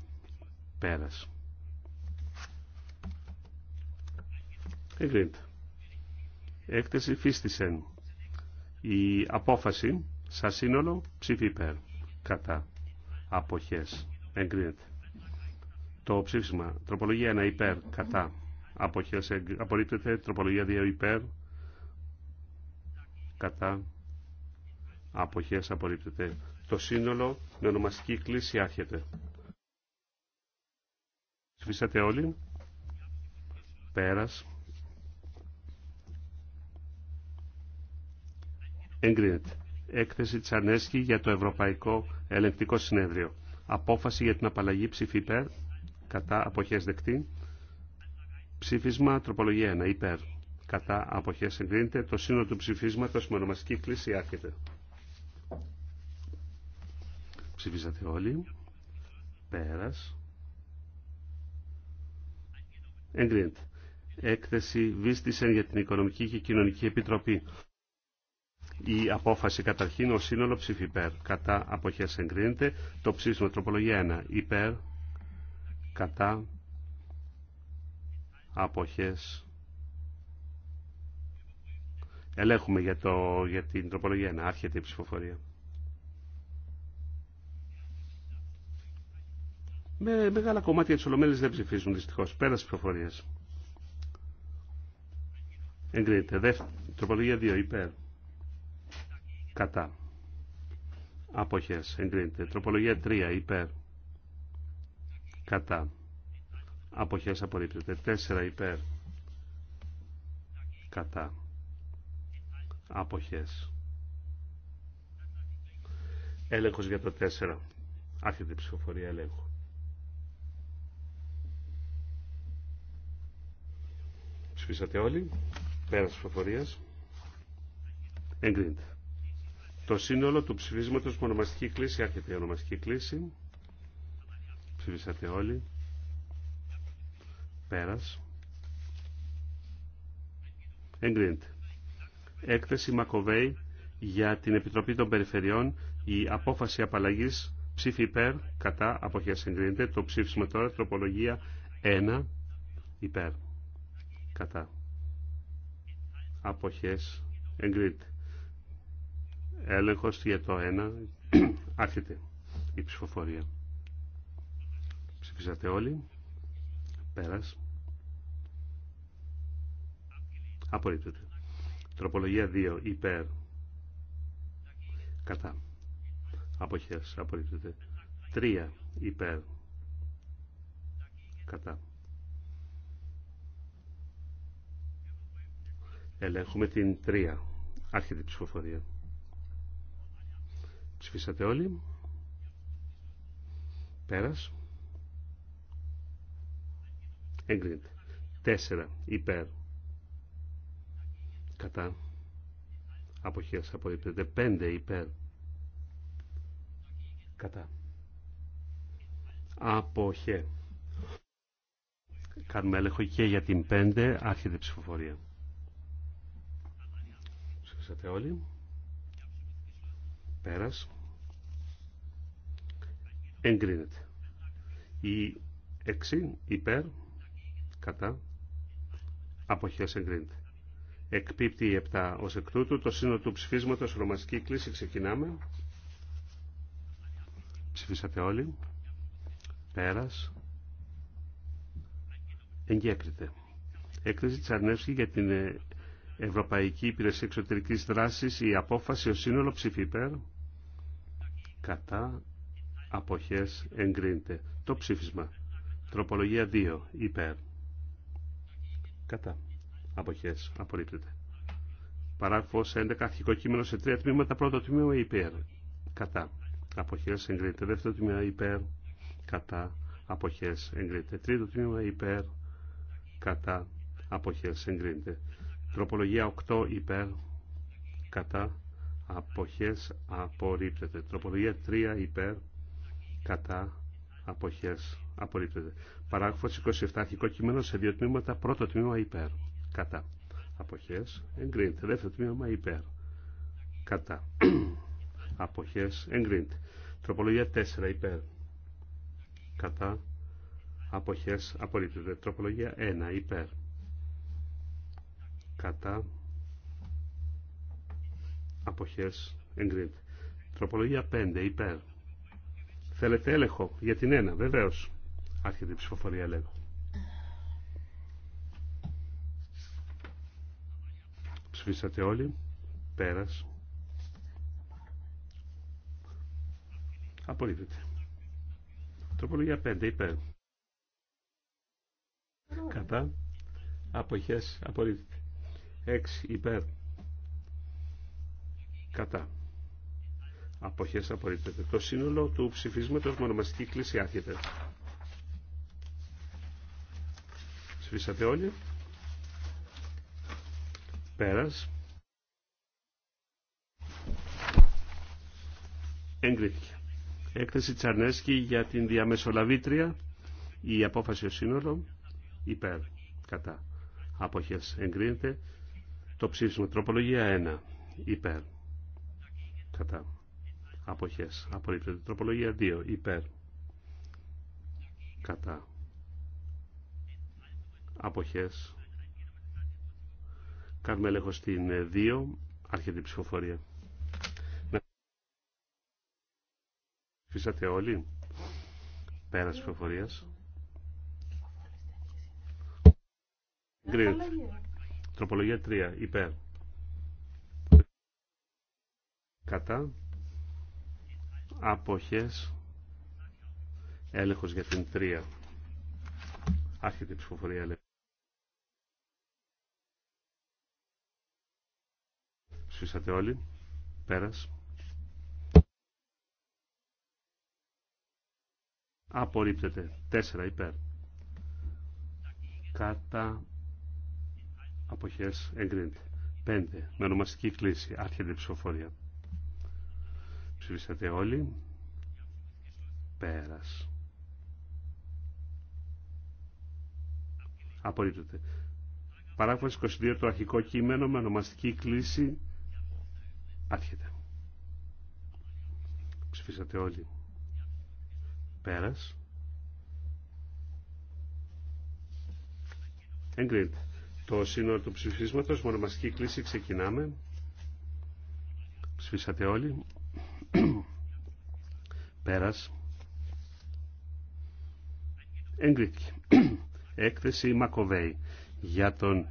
Πέρας. Εγκρίνεται. Έκθεση φίστησεν. Η απόφαση σαν σύνολο ψήφι υπέρ. Κατά. Αποχές. Εγκρίνεται. Το ψήφισμα. Τροπολογία 1 υπέρ. Κατά. απόχέ Απορρίπτεται. Τροπολογία 2 υπέρ. Κατά. απόχέ Απορρίπτεται το σύνολο με ονομαστική κλίση άρχεται. Ψηφίσατε όλοι. Πέρας. Εγκρίνεται. Έκθεση Τσανέσκη για το Ευρωπαϊκό Ελεγκτικό Συνέδριο. Απόφαση για την απαλλαγή ψήφι υπέρ. Κατά αποχές δεκτή. Ψήφισμα τροπολογία 1 υπέρ. Κατά αποχές εγκρίνεται. Το σύνολο του ψηφίσματος με ονομαστική κλίση άρχεται. Ψηφίσατε όλοι. Πέρας. Εγκρίνεται. Έκθεση βίστησεν για την Οικονομική και Κοινωνική Επιτροπή. Η απόφαση καταρχήν ο σύνολο ψήφι υπέρ. Κατά αποχές εγκρίνεται. Το ψήφισμα τροπολογία 1. Υπέρ. Κατά αποχές ελέγχουμε για, το, για την τροπολογία 1. Άρχεται η ψηφοφορία. Με μεγάλα κομμάτια της Ολομέλης δεν ψηφίζουν δυστυχώς. Πέρασε ψηφοφορίες. Εγκρίνεται. Δεύτερη. Τροπολογία 2. Υπέρ. Κατά. Αποχέ. Εγκρίνεται. Τροπολογία 3. Υπέρ. Κατά. Αποχέ απορρίπτεται. 4. Υπέρ. Κατά. Αποχέ. Έλεγχο για το 4. Άρχεται η ψηφοφορία έλεγχου. Ψηφίσατε όλοι. Πέρας τη προφορία. Εγκρίνεται. Το σύνολο του ψηφίσματος με ονομαστική κλίση. Άρχεται η ονομαστική κλίση. Ψηφίσατε όλοι. Πέρα. Εγκρίνεται. Έκθεση Μακοβέη για την Επιτροπή των Περιφερειών η απόφαση απαλλαγή ψήφι υπέρ κατά αποχέ εγκρίνεται. Το ψήφισμα τώρα τροπολογία 1 υπέρ κατά αποχές εγκρίνεται έλεγχος για το 1 άρχεται η ψηφοφορία ψηφίσατε όλοι πέρας απορρίπτεται τροπολογία 2 υπέρ κατά αποχές απορρίπτεται 3 υπέρ κατά Ελέγχουμε την 3. Άρχεται η ψηφοφορία. Ψηφίσατε όλοι. Πέρας. Έγκρινεται. 4. Υπέρ. Κατά. Αποχές απορρίπτεται. 5. Υπέρ. Κατά. Αποχέ. Κάνουμε έλεγχο και για την 5. Άρχεται η ψηφοφορία ψηφίσατε όλοι. Πέρας. Εγκρίνεται. Η 6 υπέρ κατά αποχές εγκρίνεται. Εκπίπτει η 7 ως εκ τούτου. Το σύνολο του ψηφίσματος ρωμαστική κλίση ξεκινάμε. Ψηφίσατε όλοι. Πέρας. Εγκέκριται. Έκθεση αρνεύσης για την ε, Ευρωπαϊκή Υπηρεσία Εξωτερικής Δράσης η απόφαση ο σύνολο ψηφιπέρ κατά αποχές εγκρίνεται. Το ψήφισμα. Τροπολογία 2 υπέρ κατά αποχές απορρίπτεται. παράγραφο 11 αρχικό κείμενο σε τρία τμήματα. Πρώτο τμήμα υπέρ κατά αποχές εγκρίνεται. Δεύτερο τμήμα υπέρ κατά αποχές εγκρίνεται. Τρίτο τμήμα υπέρ κατά αποχές εγκρίνεται. Τροπολογία 8 υπέρ κατά αποχές απορρίπτεται. Τροπολογία 3 υπέρ κατά αποχές απορρίπτεται. Παράγραφος 27 αρχικό κείμενο σε δύο τμήματα. Πρώτο τμήμα υπέρ κατά αποχές εγκρίνεται. Δεύτερο τμήμα υπέρ κατά αποχές εγκρίνεται. Τροπολογία 4 υπέρ κατά αποχές απορρίπτεται. Τροπολογία 1 υπέρ κατά αποχές εγκρίνεται. Τροπολογία 5 υπέρ. Θέλετε έλεγχο για την ένα, βεβαίως. Άρχεται η ψηφοφορία έλεγχο. Ψηφίσατε όλοι. Πέρας. Απορρίπτεται. Τροπολογία 5 υπέρ. Κατά. Αποχές απορρίπτεται. Έξι υπέρ κατά αποχές απορρίπτεται. Το σύνολο του ψηφίσματος μονομαστική κλίση άρχεται. Ψηφίσατε όλοι. Πέρας. Εγκρίθηκε. Έκθεση Τσαρνέσκη για την διαμεσολαβήτρια. Η απόφαση ο σύνολο υπέρ κατά αποχές εγκρίνεται. Το ψήφισμα τροπολογία 1 υπέρ κατά αποχές απορρίπτεται. Τροπολογία 2 υπέρ κατά αποχές κάνουμε έλεγχο στην 2 ε, άρχεται η ψηφοφορία Φύσατε όλοι πέρας ψηφοφορίας Γκρίνεται Τροπολογία 3. Υπέρ. Κατά. Αποχές. Έλεγχος για την 3. Άρχεται η ψηφοφορία έλεγχος. όλοι. Πέρας. Απορρίπτεται. 4 υπέρ. Κατά αποχές εγκρίνεται. 5. Με ονομαστική κλίση. Άρχεται η ψηφοφορία. Ψηφίσατε όλοι. Πέρας. Απορρίπτεται. Παράγραφος 22. Το αρχικό κείμενο με ονομαστική κλίση. Άρχεται. Ψηφίσατε όλοι. Πέρας. Εγκρίνεται το σύνολο του ψηφίσματος. Μονομαστική κλίση ξεκινάμε. Ψηφίσατε όλοι. Πέρας. Εγκρίθηκε. Έκθεση Μακοβέη για τον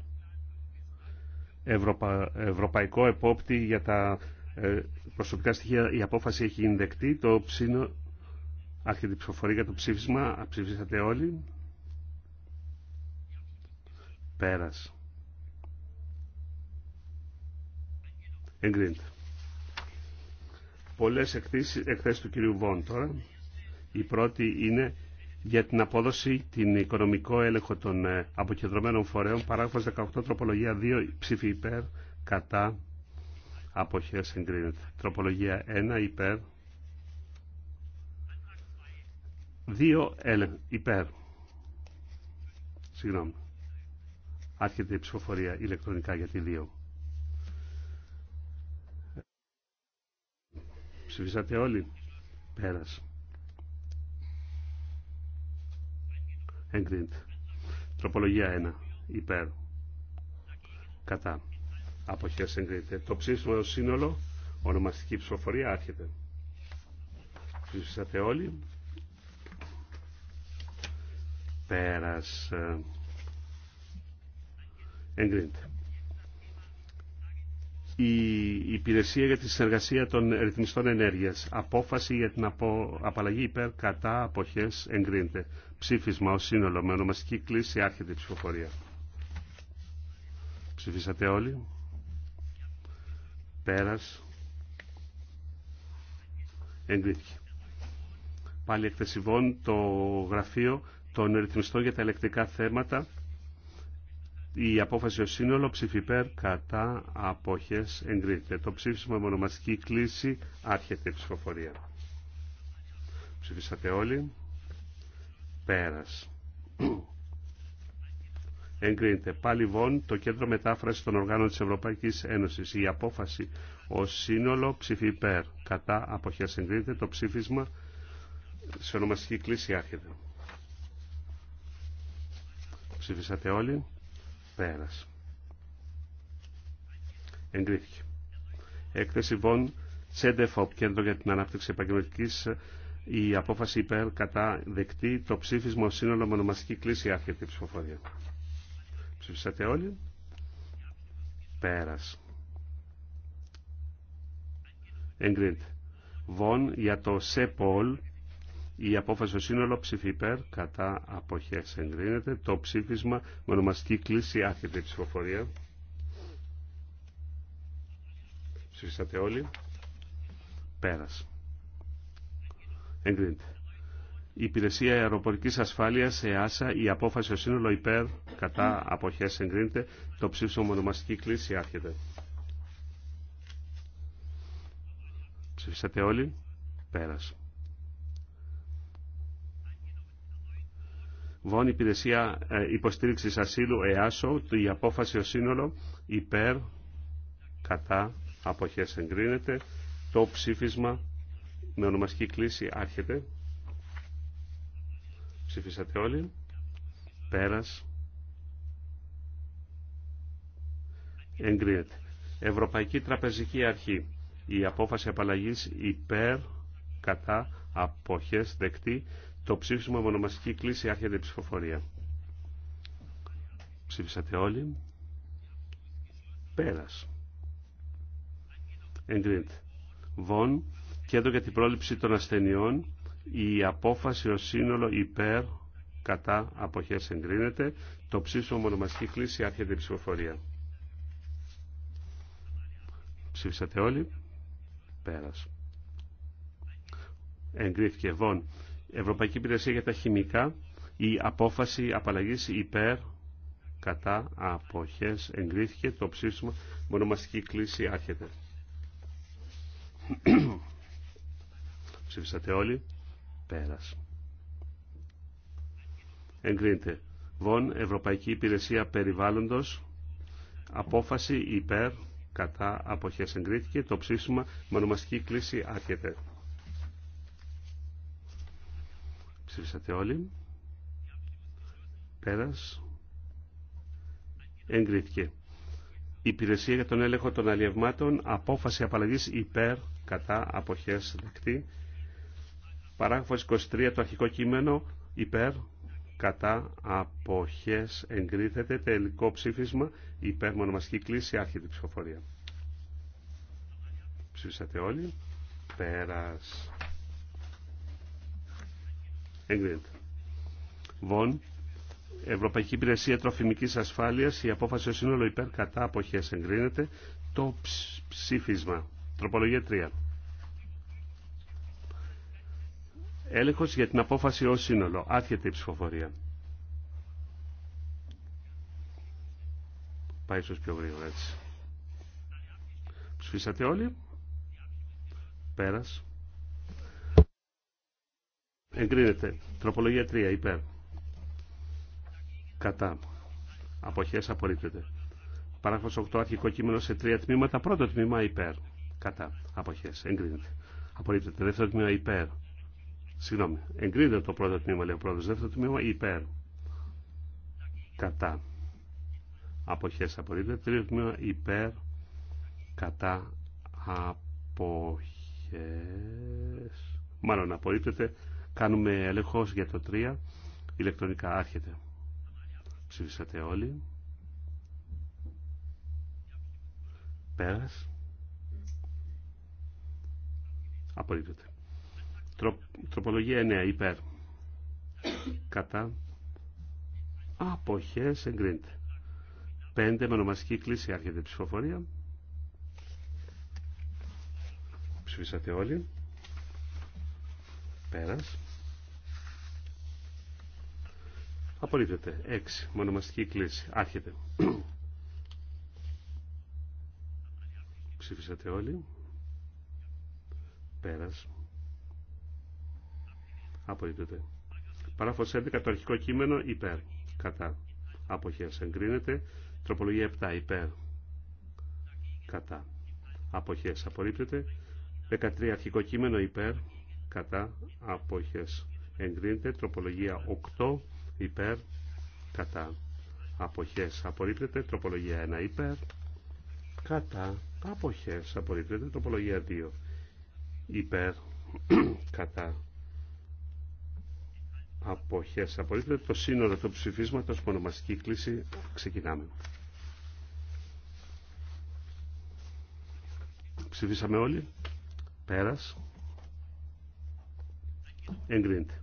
Ευρωπαϊκό Επόπτη για τα ε, προσωπικά στοιχεία. Η απόφαση έχει γίνει δεκτή. Το ψήνο... Άρχεται η ψηφοφορία για το ψήφισμα. Ψηφίσατε όλοι. Πέρας. Εγκρίνεται. Πολλές εκθέσεις, εκθέσεις του κυρίου Βόν τώρα. Η πρώτη είναι για την απόδοση, την οικονομικό έλεγχο των ε, αποκεντρωμένων φορέων. Παράγραφος 18, τροπολογία 2, ψήφι υπέρ, κατά, αποχές εγκρίνεται. Τροπολογία 1, υπέρ, 2, ελ, υπέρ. Συγγνώμη. Άρχεται η ψηφοφορία ηλεκτρονικά για τη δύο Ψηφίσατε όλοι. Πέρας. Εγκρίνεται. Τροπολογία 1. Υπέρ. Κατά. Αποχές εγκρίνεται. Το ψήφισμα σύνολο. Ονομαστική ψηφοφορία άρχεται. Ψηφίσατε όλοι. Πέρας. Εγκρίνεται. Η Υπηρεσία για τη Συνεργασία των Ρυθμιστών Ενέργειας. Απόφαση για την απαλλαγή υπέρ κατά αποχές εγκρίνεται. Ψήφισμα ως σύνολο με ονομαστική κλίση άρχεται η ψηφοφορία. Ψηφίσατε όλοι. Πέρας. Εγκρίθηκε. Πάλι εκτεσιβών το γραφείο των ρυθμιστών για τα ηλεκτρικά θέματα η απόφαση ως σύνολο ψηφιπέρ κατά αποχές εγκρίνεται. Το ψήφισμα με ονομαστική κλίση άρχεται η ψηφοφορία. Ψηφίσατε όλοι. Πέρας. Εγκρίνεται πάλι βόν το κέντρο μετάφραση των οργάνων της Ευρωπαϊκής Ένωσης. Η απόφαση ως σύνολο ψηφιπέρ κατά αποχές εγκρίνεται. Το ψήφισμα σε ονομαστική κλίση άρχεται. Ψηφίσατε όλοι. Πέρας. Εγκρίθηκε. Έκθεση Βον Σέντεφοπ, Κέντρο για την Ανάπτυξη Επαγγελματική. Η απόφαση υπέρ κατά δεκτή το ψήφισμα σύνολο με ονομαστική κλίση άρχεται η ψηφοφορία. Ψηφίσατε όλοι. Πέρας. Εγκρίθηκε. Βον για το ΣΕΠΟΛ η απόφαση στο σύνολο ψήφι υπέρ, κατά αποχές εγκρίνεται. Το ψήφισμα με ονομαστική κλίση άρχεται η ψηφοφορία. Ψηφίσατε όλοι. Πέρας. Εγκρίνεται. Η Υπηρεσία Αεροπορικής Ασφάλειας, ΕΑΣΑ, η απόφαση στο σύνολο υπέρ, κατά αποχές εγκρίνεται. Το ψήφισμα με ονομαστική κλίση άρχεται. Ψηφίσατε όλοι. Πέρασε. Βόν Υπηρεσία ε, Υποστήριξης Ασύλου ΕΑΣΟ, η απόφαση ο σύνολο υπέρ, κατά, αποχές εγκρίνεται, το ψήφισμα με ονομαστική κλίση άρχεται. Ψηφίσατε όλοι. Πέρας. Εγκρίνεται. Ευρωπαϊκή Τραπεζική Αρχή. Η απόφαση απαλλαγής υπέρ, κατά, αποχές δεκτή το ψήφισμα μονομαστική ονομαστική κλίση άρχεται η ψηφοφορία. Ψήφισατε όλοι. Πέρας. Εγκρίνεται. Βον. εδώ για την πρόληψη των ασθενειών. Η απόφαση ως σύνολο υπέρ κατά αποχές εγκρίνεται. Το ψήφισμα μονομαστική ονομαστική κλίση άρχεται η ψηφοφορία. Ψήφισατε όλοι. Πέρας. Εγκρίθηκε. Βον Ευρωπαϊκή Υπηρεσία για τα Χημικά η απόφαση απαλλαγής υπέρ κατά αποχές εγκρίθηκε το ψήφισμα με κλίση άρχεται. Ψήφισατε όλοι. Πέρας. Εγκρίνεται. Βον Ευρωπαϊκή Υπηρεσία Περιβάλλοντος απόφαση υπέρ κατά αποχές εγκρίθηκε το ψήφισμα με ονομαστική κλίση άρχεται. Ψήφισατε όλοι. Πέρας. Εγκρίθηκε. Υπηρεσία για τον έλεγχο των αλλιευμάτων. Απόφαση απαλλαγής υπέρ κατά αποχές δεκτή. Παράγραφος 23 το αρχικό κείμενο υπέρ κατά αποχές εγκρίθεται τελικό ψήφισμα υπέρ μονομαστική κλίση άρχεται ψηφοφορία. Ψήφισατε όλοι. Πέρας. Εγκρίνεται. Βον. Ευρωπαϊκή Υπηρεσία Τροφιμικής Ασφάλειας. Η απόφαση ως σύνολο υπέρ κατά αποχές εγκρίνεται. Το ψήφισμα. Τροπολογία 3. Έλεγχος για την απόφαση ως σύνολο. Άρχεται η ψηφοφορία. Πάει ίσως πιο γρήγορα έτσι. Ψηφίσατε όλοι. Πέρας. Εγκρίνεται. Τροπολογία 3 υπέρ. Κατά. Αποχές απορρίπτεται. Παράγραφος 8 αρχικό κείμενο σε τρία τμήματα. Πρώτο τμήμα υπέρ. Κατά. Αποχές. Εγκρίνεται. Απορρίπτεται. Δεύτερο τμήμα υπέρ. Συγγνώμη. Εγκρίνεται το πρώτο τμήμα, λέει ο Δεύτερο τμήμα υπέρ. Κατά. Αποχές απορρίπτεται. Τρίτο τμήμα υπέρ. Κατά. Αποχές. Μάλλον απορρίπτεται. Κάνουμε έλεγχο για το 3. Ηλεκτρονικά άρχεται. Ψήφισατε όλοι. Πέρας. Απορρίπτεται. Τρο, τροπολογία 9. Υπέρ. Κατά. Αποχές εγκρίνεται. 5 με ονομαστική κλίση άρχεται η ψηφοφορία. Ψηφίσατε όλοι. Πέρας. Απορρίπτεται. 6. Μονομαστική κλίση. Άρχεται. Ψήφισατε όλοι. Πέρας. Απορρίπτεται. Παράφος 11. Το αρχικό κείμενο υπέρ. Κατά. Αποχέ. εγκρίνεται. Τροπολογία 7. Υπέρ. Κατά. Αποχές απορρίπτεται. 13. Αρχικό κείμενο υπέρ. Κατά. Αποχές εγκρίνεται. Τροπολογία 8 υπέρ, κατά, αποχές απορρίπτεται, τροπολογία 1 υπέρ, κατά, αποχές απορρίπτεται, τροπολογία 2 υπέρ, κατά, αποχές απορρίπτεται, το σύνολο του ψηφίσματος, ονομαστική κλίση, ξεκινάμε. Ψηφίσαμε όλοι. Πέρας. Εγκρίνεται.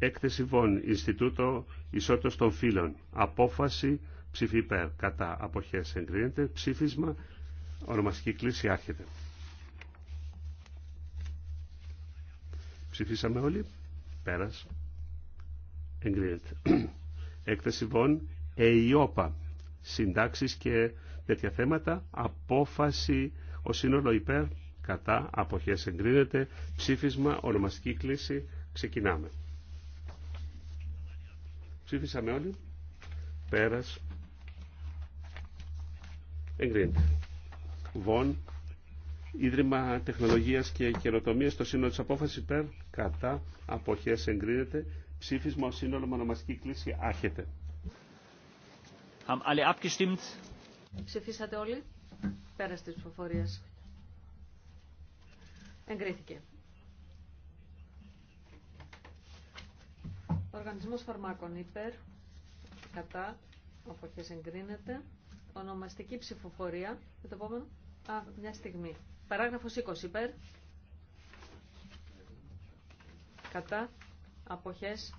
Έκθεση Βον, Ινστιτούτο Ισότητας των Φύλων. Απόφαση, ψήφι υπέρ, κατά αποχές εγκρίνεται. Ψήφισμα, ονομαστική κλίση άρχεται. Ψηφίσαμε όλοι. Πέρας. Εγκρίνεται. Έκθεση Βον, ΕΙΟΠΑ. Συντάξεις και τέτοια θέματα. Απόφαση, ο σύνολο υπέρ, κατά αποχές εγκρίνεται. Ψήφισμα, ονομαστική κλίση. Ξεκινάμε. Ψήφισαμε όλοι. Πέρας. Εγκρίνεται. Βον. Ίδρυμα Τεχνολογίας και Καινοτομίας στο σύνολο της απόφασης υπέρ κατά αποχές εγκρίνεται. Ψήφισμα ο σύνολο με ονομαστική κλίση άρχεται. Ψηφίσατε όλοι. Πέρας της ψηφοφορίας. Εγκρίθηκε. Οργανισμός φαρμάκων υπέρ, κατά, αποχές εγκρίνεται. Ονομαστική ψηφοφορία, το επόμενο, α, μια στιγμή. Παράγραφος 20 υπέρ, κατά, αποχές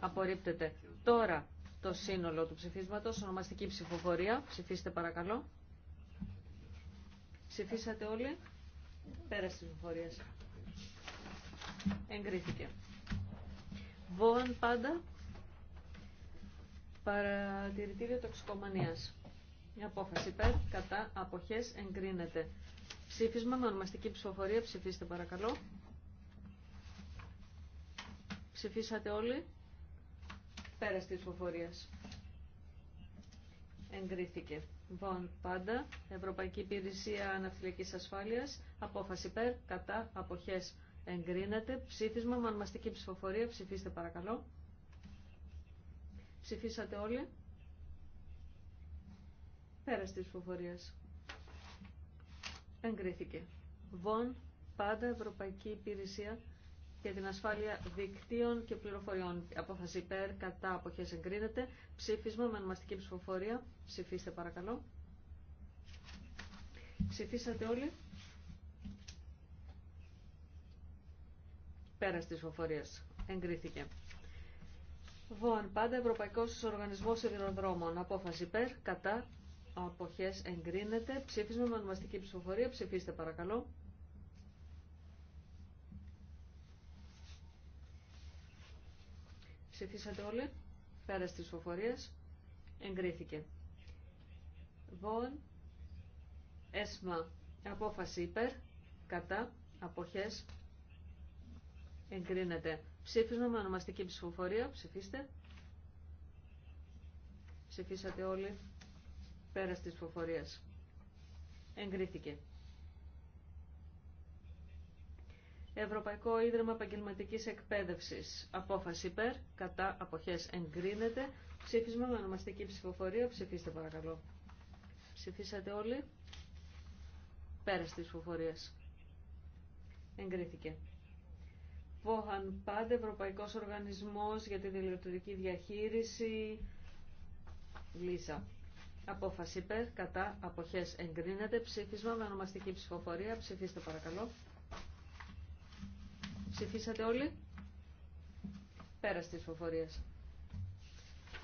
απορρίπτεται. Τώρα το σύνολο του ψηφίσματος, ονομαστική ψηφοφορία, ψηφίστε παρακαλώ. Ψηφίσατε όλοι, πέρασε τη ψηφοφορίας. Εγκρίθηκε. Βόαν πάντα παρατηρητήριο τοξικομανίας. Η απόφαση υπέρ, κατά, αποχές, εγκρίνεται. Ψήφισμα με ονομαστική ψηφοφορία. Ψηφίστε παρακαλώ. Ψηφίσατε όλοι. Πέρας της ψηφοφορίας. Εγκρίθηκε. Βον πάντα. Ευρωπαϊκή Υπηρεσία Αναφυλακής Ασφάλειας. Απόφαση υπέρ, κατά, αποχές, Εγκρίνεται. Ψήφισμα με ονομαστική ψηφοφορία. Ψηφίστε παρακαλώ. Ψηφίσατε όλοι. Πέραστη της ψηφοφορίας. Εγκρίθηκε. Βον, πάντα Ευρωπαϊκή Υπηρεσία για την ασφάλεια δικτύων και πληροφοριών. Απόφαση υπέρ, κατά, αποχές εγκρίνεται. Ψήφισμα με ονομαστική ψηφοφορία. Ψηφίστε παρακαλώ. Ψηφίσατε όλοι. Πέρας της φοφορία. Εγκρίθηκε. Βον, πάντα Ευρωπαϊκό Οργανισμό Ιδηροδρόμων. Απόφαση υπέρ, κατά, αποχές εγκρίνεται. Ψήφισμα με ονομαστική ψηφοφορία. Ψηφίστε παρακαλώ. Ψηφίσατε όλοι. Πέρας της ψηφοφορίας. Εγκρίθηκε. Βον, έσμα, απόφαση υπέρ, κατά, αποχές Εγκρίνεται. Ψήφισμα με ονομαστική ψηφοφορία. Ψηφίστε. Ψηφίσατε όλοι. Πέρα της ψηφοφορίας. Εγκρίθηκε. Ευρωπαϊκό Ίδρυμα Επαγγελματική Εκπαίδευση. Απόφαση υπέρ. Κατά αποχέ εγκρίνεται. Ψήφισμα με ονομαστική ψηφοφορία. Ψηφίστε παρακαλώ. Ψηφίσατε όλοι. Πέρα τη ψηφοφορία. Εγκρίθηκε. Βόχαν πάντα, Ευρωπαϊκός Οργανισμός για τη Διελεκτρική Διαχείριση, Λίζα. Απόφαση υπέρ, κατά, αποχές εγκρίνεται, ψήφισμα με ονομαστική ψηφοφορία, ψηφίστε παρακαλώ. Ψηφίσατε όλοι. Πέρα τη ψηφοφορίες.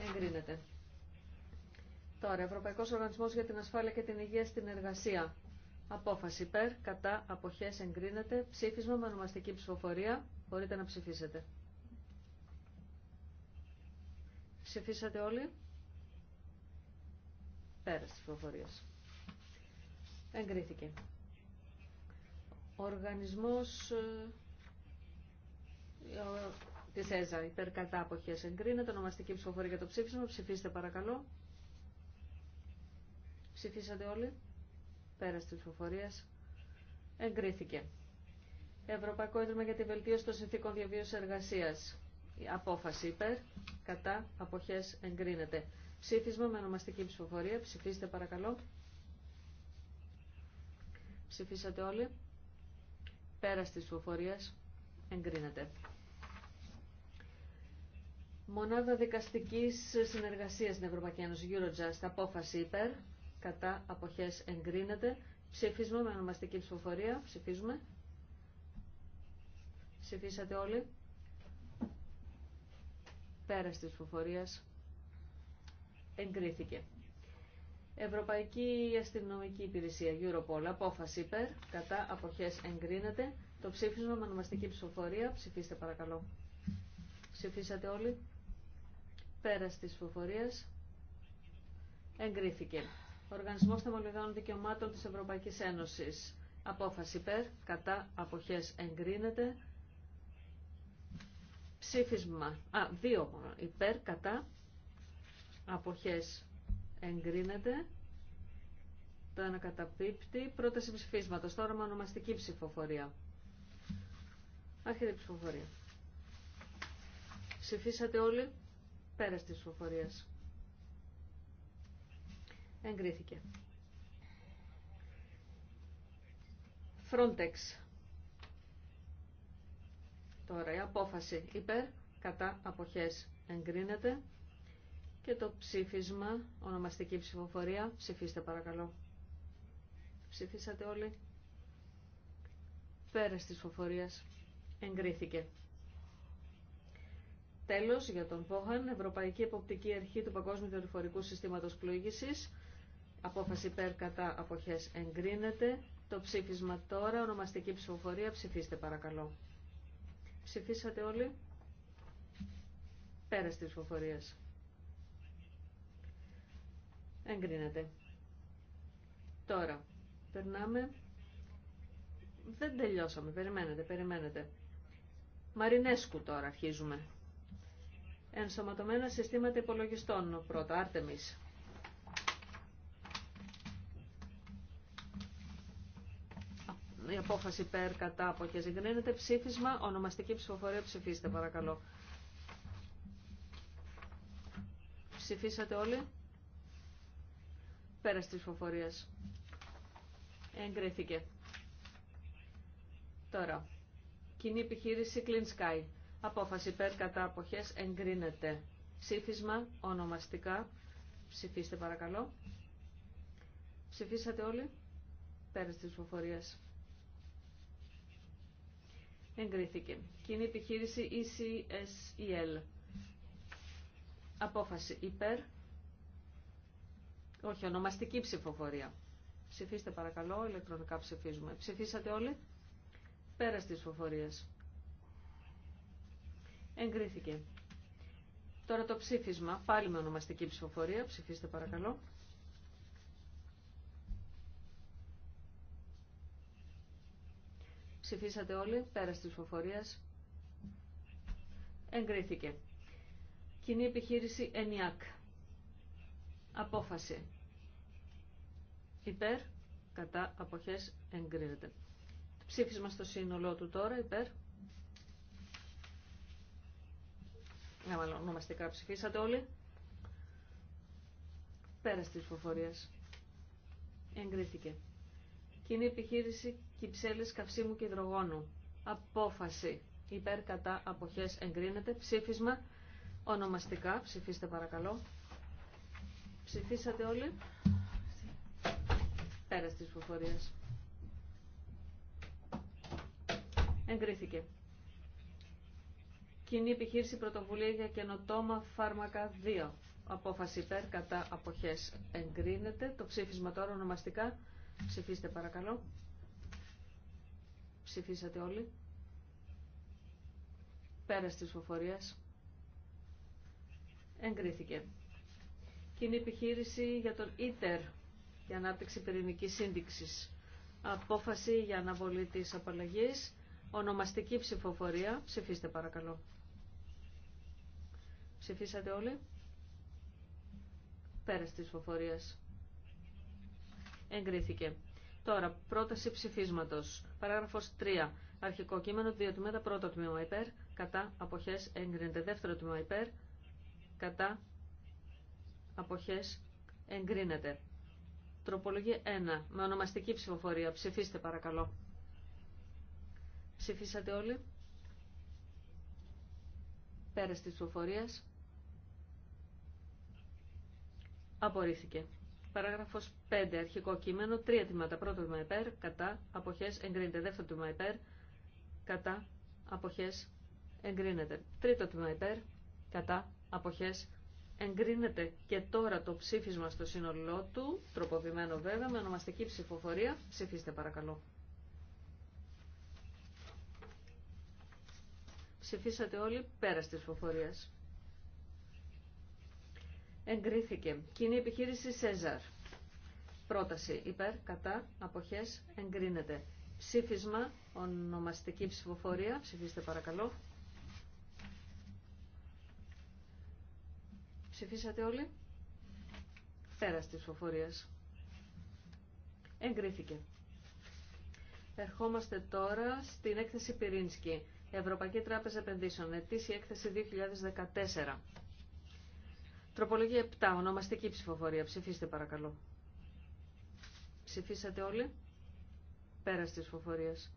Εγκρίνεται. Τώρα, ευρωπαϊκός οργανισμός για την Ασφάλεια και την Υγεία στην Εργασία. Απόφαση υπέρ, κατά, αποχές εγκρίνεται. Ψήφισμα με ονομαστική ψηφοφορία. Μπορείτε να ψηφίσετε. Ψηφίσατε όλοι. Πέρασε τη ψηφοφορία. Εγκρίθηκε. Οργανισμός ε, τη ΕΖΑ υπέρ εγκρίνεται. Ονομαστική ψηφοφορία για το ψήφισμα. Ψηφίστε παρακαλώ. Ψηφίσατε όλοι. Πέρασε τη ψηφοφορία. Εγκρίθηκε. Ευρωπαϊκό Ίδρυμα για τη Βελτίωση των Συνθήκων Διαβίωση Εργασία. Απόφαση υπέρ, κατά, αποχέ εγκρίνεται. Ψήφισμα με ονομαστική ψηφοφορία. Ψηφίστε παρακαλώ. Ψηφίσατε όλοι. Πέρα τη ψηφοφορία εγκρίνεται. Μονάδα δικαστική συνεργασία στην Ευρωπαϊκή Ένωση, Eurojust, απόφαση υπέρ, κατά απόχέ εγκρίνεται. Ψήφισμα με ονομαστική ψηφοφορία. Ψηφίζουμε. Ψηφίσατε όλοι. Πέρας της ψηφοφορίας εγκρίθηκε. Ευρωπαϊκή Αστυνομική Υπηρεσία Europol. Απόφαση υπέρ. Κατά αποχές εγκρίνεται. Το ψήφισμα με ονομαστική ψηφοφορία. Ψηφίστε παρακαλώ. Ψηφίσατε όλοι. Πέρας της ψηφοφορίας εγκρίθηκε. Οργανισμός Θεμολογιών Δικαιωμάτων της Ευρωπαϊκής Ένωσης. Απόφαση υπέρ. Κατά αποχές εγκρίνεται. Ψήφισμα. Α, δύο Υπέρ, κατά. Αποχές εγκρίνεται. Το ένα καταπίπτει. Πρόταση ψηφίσματος. Τώρα με ονομαστική ψηφοφορία. Άρχεται η ψηφοφορία. Ψηφίσατε όλοι. Πέρας της ψηφοφορίας. Εγκρίθηκε. Frontex. Τώρα η απόφαση υπέρ κατά αποχές εγκρίνεται και το ψήφισμα, ονομαστική ψηφοφορία, ψηφίστε παρακαλώ. Ψηφίσατε όλοι. Πέρας της ψηφοφορίας εγκρίθηκε. Τέλος, για τον ΠΟΧΑΝ, Ευρωπαϊκή Εποπτική Αρχή του Παγκόσμιου Δορυφορικού Συστήματος Πλοήγησης, απόφαση υπέρ κατά αποχές εγκρίνεται. Το ψήφισμα τώρα, ονομαστική ψηφοφορία, ψηφίστε παρακαλώ. Ψηφίσατε όλοι. Πέρα στις φοφορίες. Εγκρίνεται. Τώρα, περνάμε. Δεν τελειώσαμε. Περιμένετε, περιμένετε. Μαρινέσκου τώρα αρχίζουμε. Ενσωματωμένα συστήματα υπολογιστών πρώτα, Άρτεμις. η απόφαση υπέρ κατά αποχές εγκρίνεται. Ψήφισμα, ονομαστική ψηφοφορία ψηφίστε παρακαλώ. Ψηφίσατε όλοι. Πέρα τη ψηφοφορίας. Εγκρίθηκε. Τώρα, κοινή επιχείρηση Clean Sky. Απόφαση υπέρ κατά αποχές εγκρίνεται. Ψήφισμα, ονομαστικά. Ψηφίστε παρακαλώ. Ψηφίσατε όλοι. Πέρα τη ψηφοφορία εγκρίθηκε. Κοινή επιχείρηση ECSEL. Απόφαση υπέρ. Όχι, ονομαστική ψηφοφορία. Ψηφίστε παρακαλώ, ηλεκτρονικά ψηφίζουμε. Ψηφίσατε όλοι. Πέρα τη ψηφοφορίες. Εγκρίθηκε. Τώρα το ψήφισμα, πάλι με ονομαστική ψηφοφορία. Ψηφίστε παρακαλώ. Ψηφίσατε όλοι, πέρα τη ψηφοφορία. Εγκρίθηκε. Κοινή επιχείρηση ΕΝΙΑΚ. Απόφαση. Υπέρ, κατά, αποχές, εγκρίνεται. Ψήφισμα στο σύνολό του τώρα, υπέρ. Να μάλλον ονομαστικά ψηφίσατε όλοι. Πέρα τη ψηφοφορία. Εγκρίθηκε. Κοινή επιχείρηση Κυψέλης Καυσίμου και Υδρογόνου. Απόφαση υπέρ κατά αποχές εγκρίνεται. Ψήφισμα ονομαστικά. Ψηφίστε παρακαλώ. Ψηφίσατε όλοι. Πέρα της πουφορίας. Εγκρίθηκε. Κοινή επιχείρηση πρωτοβουλία για καινοτόμα φάρμακα 2. Απόφαση υπέρ κατά αποχές εγκρίνεται. Το ψήφισμα τώρα ονομαστικά. Ψηφίστε παρακαλώ. Ψηφίσατε όλοι. Πέρα της φοφορίας. Εγκρίθηκε. Κοινή επιχείρηση για τον ΙΤΕΡ, για ανάπτυξη πυρηνικής σύνδεξης. Απόφαση για αναβολή της απαλλαγής. Ονομαστική ψηφοφορία. Ψηφίστε παρακαλώ. Ψηφίσατε όλοι. Πέρα της φοφορίας. Εγκρίθηκε. Τώρα, πρόταση ψηφίσματο. Παράγραφος 3. Αρχικό κείμενο, δύο τμήματα, πρώτο τμήμα υπέρ, κατά, απόχέ, εγκρίνεται. Δεύτερο τμήμα υπέρ, κατά, αποχές, εγκρίνεται. Τροπολογία 1. Με ονομαστική ψηφοφορία. Ψηφίστε παρακαλώ. Ψηφίσατε όλοι. Πέρας τη ψηφοφορία. Απορρίφθηκε. Παράγραφος 5. Αρχικό κείμενο. Τρία τμήματα. Πρώτο τμήμα υπέρ. Κατά. Αποχές. Εγκρίνεται. Δεύτερο τμήμα υπέρ. Κατά. απόχέ. Εγκρίνεται. Τρίτο τμήμα υπέρ. Κατά. αποχέ. Εγκρίνεται και τώρα το ψήφισμα στο σύνολό του, τροποποιημένο βέβαια, με ονομαστική ψηφοφορία. Ψηφίστε παρακαλώ. Ψηφίσατε όλοι πέρα τη ψηφοφορία εγκρίθηκε. Κοινή επιχείρηση Σέζαρ. Πρόταση υπέρ, κατά, αποχές, εγκρίνεται. Ψήφισμα, ονομαστική ψηφοφορία. Ψηφίστε παρακαλώ. Ψηφίσατε όλοι. Πέρας της ψηφοφορίας. Εγκρίθηκε. Ερχόμαστε τώρα στην έκθεση Πυρίνσκι. Ευρωπαϊκή Τράπεζα Επενδύσεων. Ετήσια έκθεση 2014. Τροπολογία 7. Ονομαστική ψηφοφορία. Ψηφίστε παρακαλώ. Ψηφίσατε όλοι. Πέρας της ψηφοφορίας.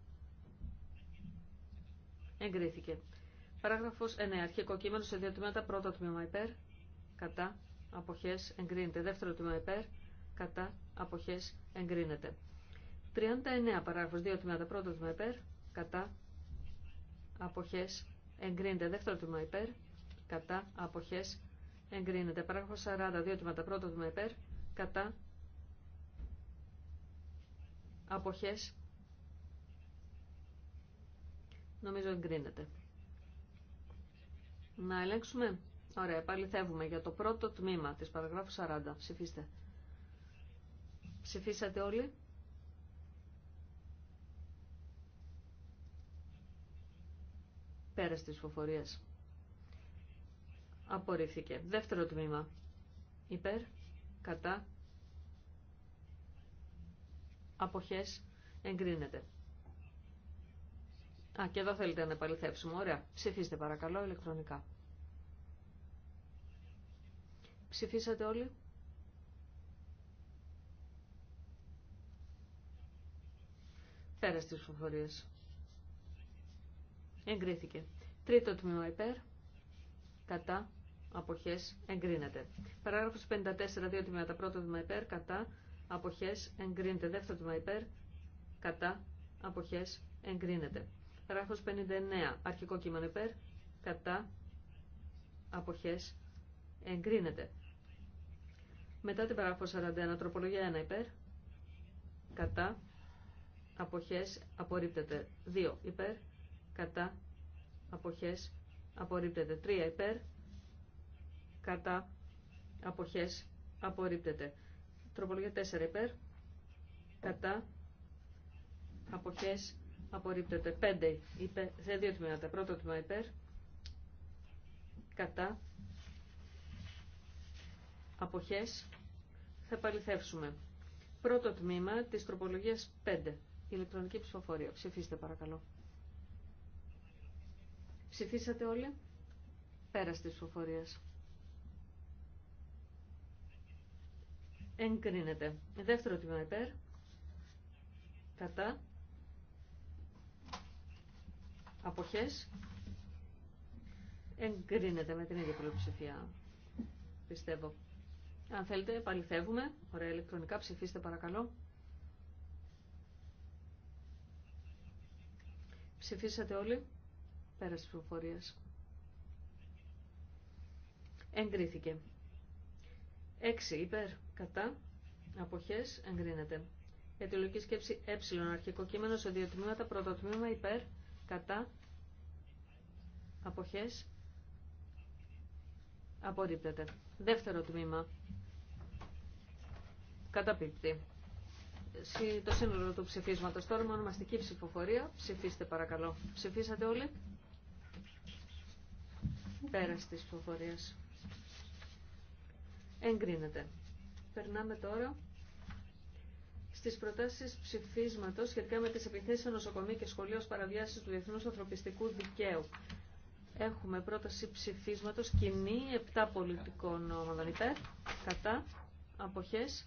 Εγκρίθηκε. Παράγραφος 9. Αρχικό κείμενο σε δύο τμήματα. Πρώτο τμήμα υπέρ. Κατά. Αποχές. Εγκρίνεται. Δεύτερο τμήμα υπέρ. Κατά. Αποχές. Εγκρίνεται. 39. Παράγραφος 2 τμήματα. Πρώτο τμήμα υπέρ. Κατά. Αποχές. Εγκρίνεται. Δεύτερο τμήμα υπέρ. Κατά. Αποχές εγκρίνεται. Παράγραφο 40, δύο τμήματα. Πρώτο τμήμα υπέρ, κατά, αποχές, νομίζω εγκρίνεται. Να ελέγξουμε. Ωραία, θεύουμε για το πρώτο τμήμα της παραγράφου 40. Ψηφίστε. Ψηφίσατε όλοι. Πέρα της φοφορίας. Απορρίφθηκε. Δεύτερο τμήμα. Υπέρ. Κατά. Αποχές. Εγκρίνεται. Α, και εδώ θέλετε να επαληθεύσουμε. Ωραία. Ψηφίστε παρακαλώ ηλεκτρονικά. Ψηφίσατε όλοι. Πέρα στις ψηφοφορίες. Εγκρίθηκε. Τρίτο τμήμα υπέρ. Κατά. Αποχέ εγκρίνεται. Παράγραφος 54, δύο τμήματα. Πρώτο τμήμα υπέρ, κατά, αποχέ εγκρίνεται. Δεύτερο τμήμα υπέρ, κατά, αποχέ εγκρίνεται. Παράγραφος 59, αρχικό κείμενο υπέρ, κατά, αποχέ εγκρίνεται. Μετά την παράγραφο 41, τροπολογία 1 υπέρ, κατά, αποχές απορρίπτεται. 2 υπέρ, κατά, αποχές απορρίπτεται. 3 υπέρ, κατά αποχές απορρίπτεται. Τροπολογία 4 υπέρ κατά αποχές απορρίπτεται. 5 υπέρ, σε δύο τμήματα. Πρώτο τμήμα υπέρ κατά αποχές θα παληθεύσουμε. Πρώτο τμήμα της τροπολογίας 5. Ηλεκτρονική ψηφοφορία. Ψηφίστε παρακαλώ. Ψηφίσατε όλοι. Πέρα της ψηφοφορίας. εγκρίνεται. Δεύτερο τμήμα υπέρ, κατά, αποχές, εγκρίνεται με την ίδια πλειοψηφία, πιστεύω. Αν θέλετε, επαληθεύουμε. Ωραία, ηλεκτρονικά ψηφίστε παρακαλώ. Ψηφίσατε όλοι. Πέρας της προφορίας. Εγκρίθηκε. Έξι υπέρ, κατά, αποχές, εγκρίνεται. Αιτιολογική σκέψη ε, αρχικό κείμενο σε δύο τμήματα, πρώτο τμήμα υπέρ, κατά, αποχές, απορρίπτεται. Δεύτερο τμήμα, καταπίπτει. Το σύνολο του ψηφίσματος τώρα με ονομαστική ψηφοφορία. Ψηφίστε παρακαλώ. Ψηφίσατε όλοι. Πέρα της ψηφοφορίας εγκρίνεται. Περνάμε τώρα στις προτάσεις ψηφίσματος σχετικά με τις επιθέσεις σε νοσοκομεία και σχολείο ως παραβιάσεις του διεθνούς ανθρωπιστικού δικαίου. Έχουμε πρόταση ψηφίσματος κοινή 7 πολιτικών ομάδων υπέρ, κατά, αποχές,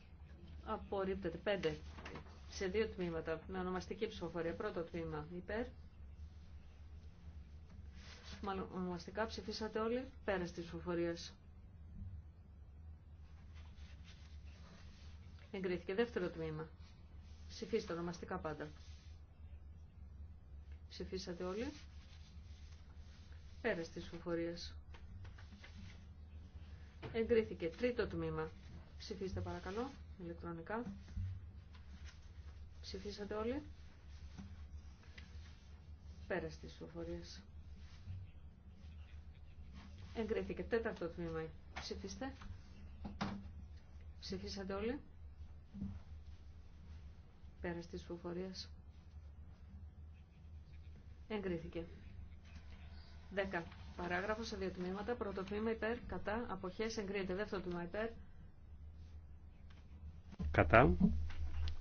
απορρίπτεται 5 σε δύο τμήματα με ονομαστική ψηφοφορία. Πρώτο τμήμα υπέρ, μάλλον ονομαστικά ψηφίσατε όλοι πέρα της ψηφοφορίας. Εγκρίθηκε. Δεύτερο τμήμα. Ψηφίστε ονομαστικά πάντα. Ψηφίσατε όλοι. Πέρα τη φοφορία. Εγκρίθηκε. Τρίτο τμήμα. Ψηφίστε παρακαλώ, ηλεκτρονικά. Ψηφίσατε όλοι. Πέρα τη φοφορία. Εγκρίθηκε. Τέταρτο τμήμα. Ψηφίστε. Ψηφίσατε όλοι. Πέρας της ψηφοφορίας. Εγκρίθηκε. 10. Παράγραφο σε δύο τμήματα. Πρώτο τμήμα υπέρ, κατά, αποχέ, εγκρίνεται. Δεύτερο τμήμα υπέρ. Κατά,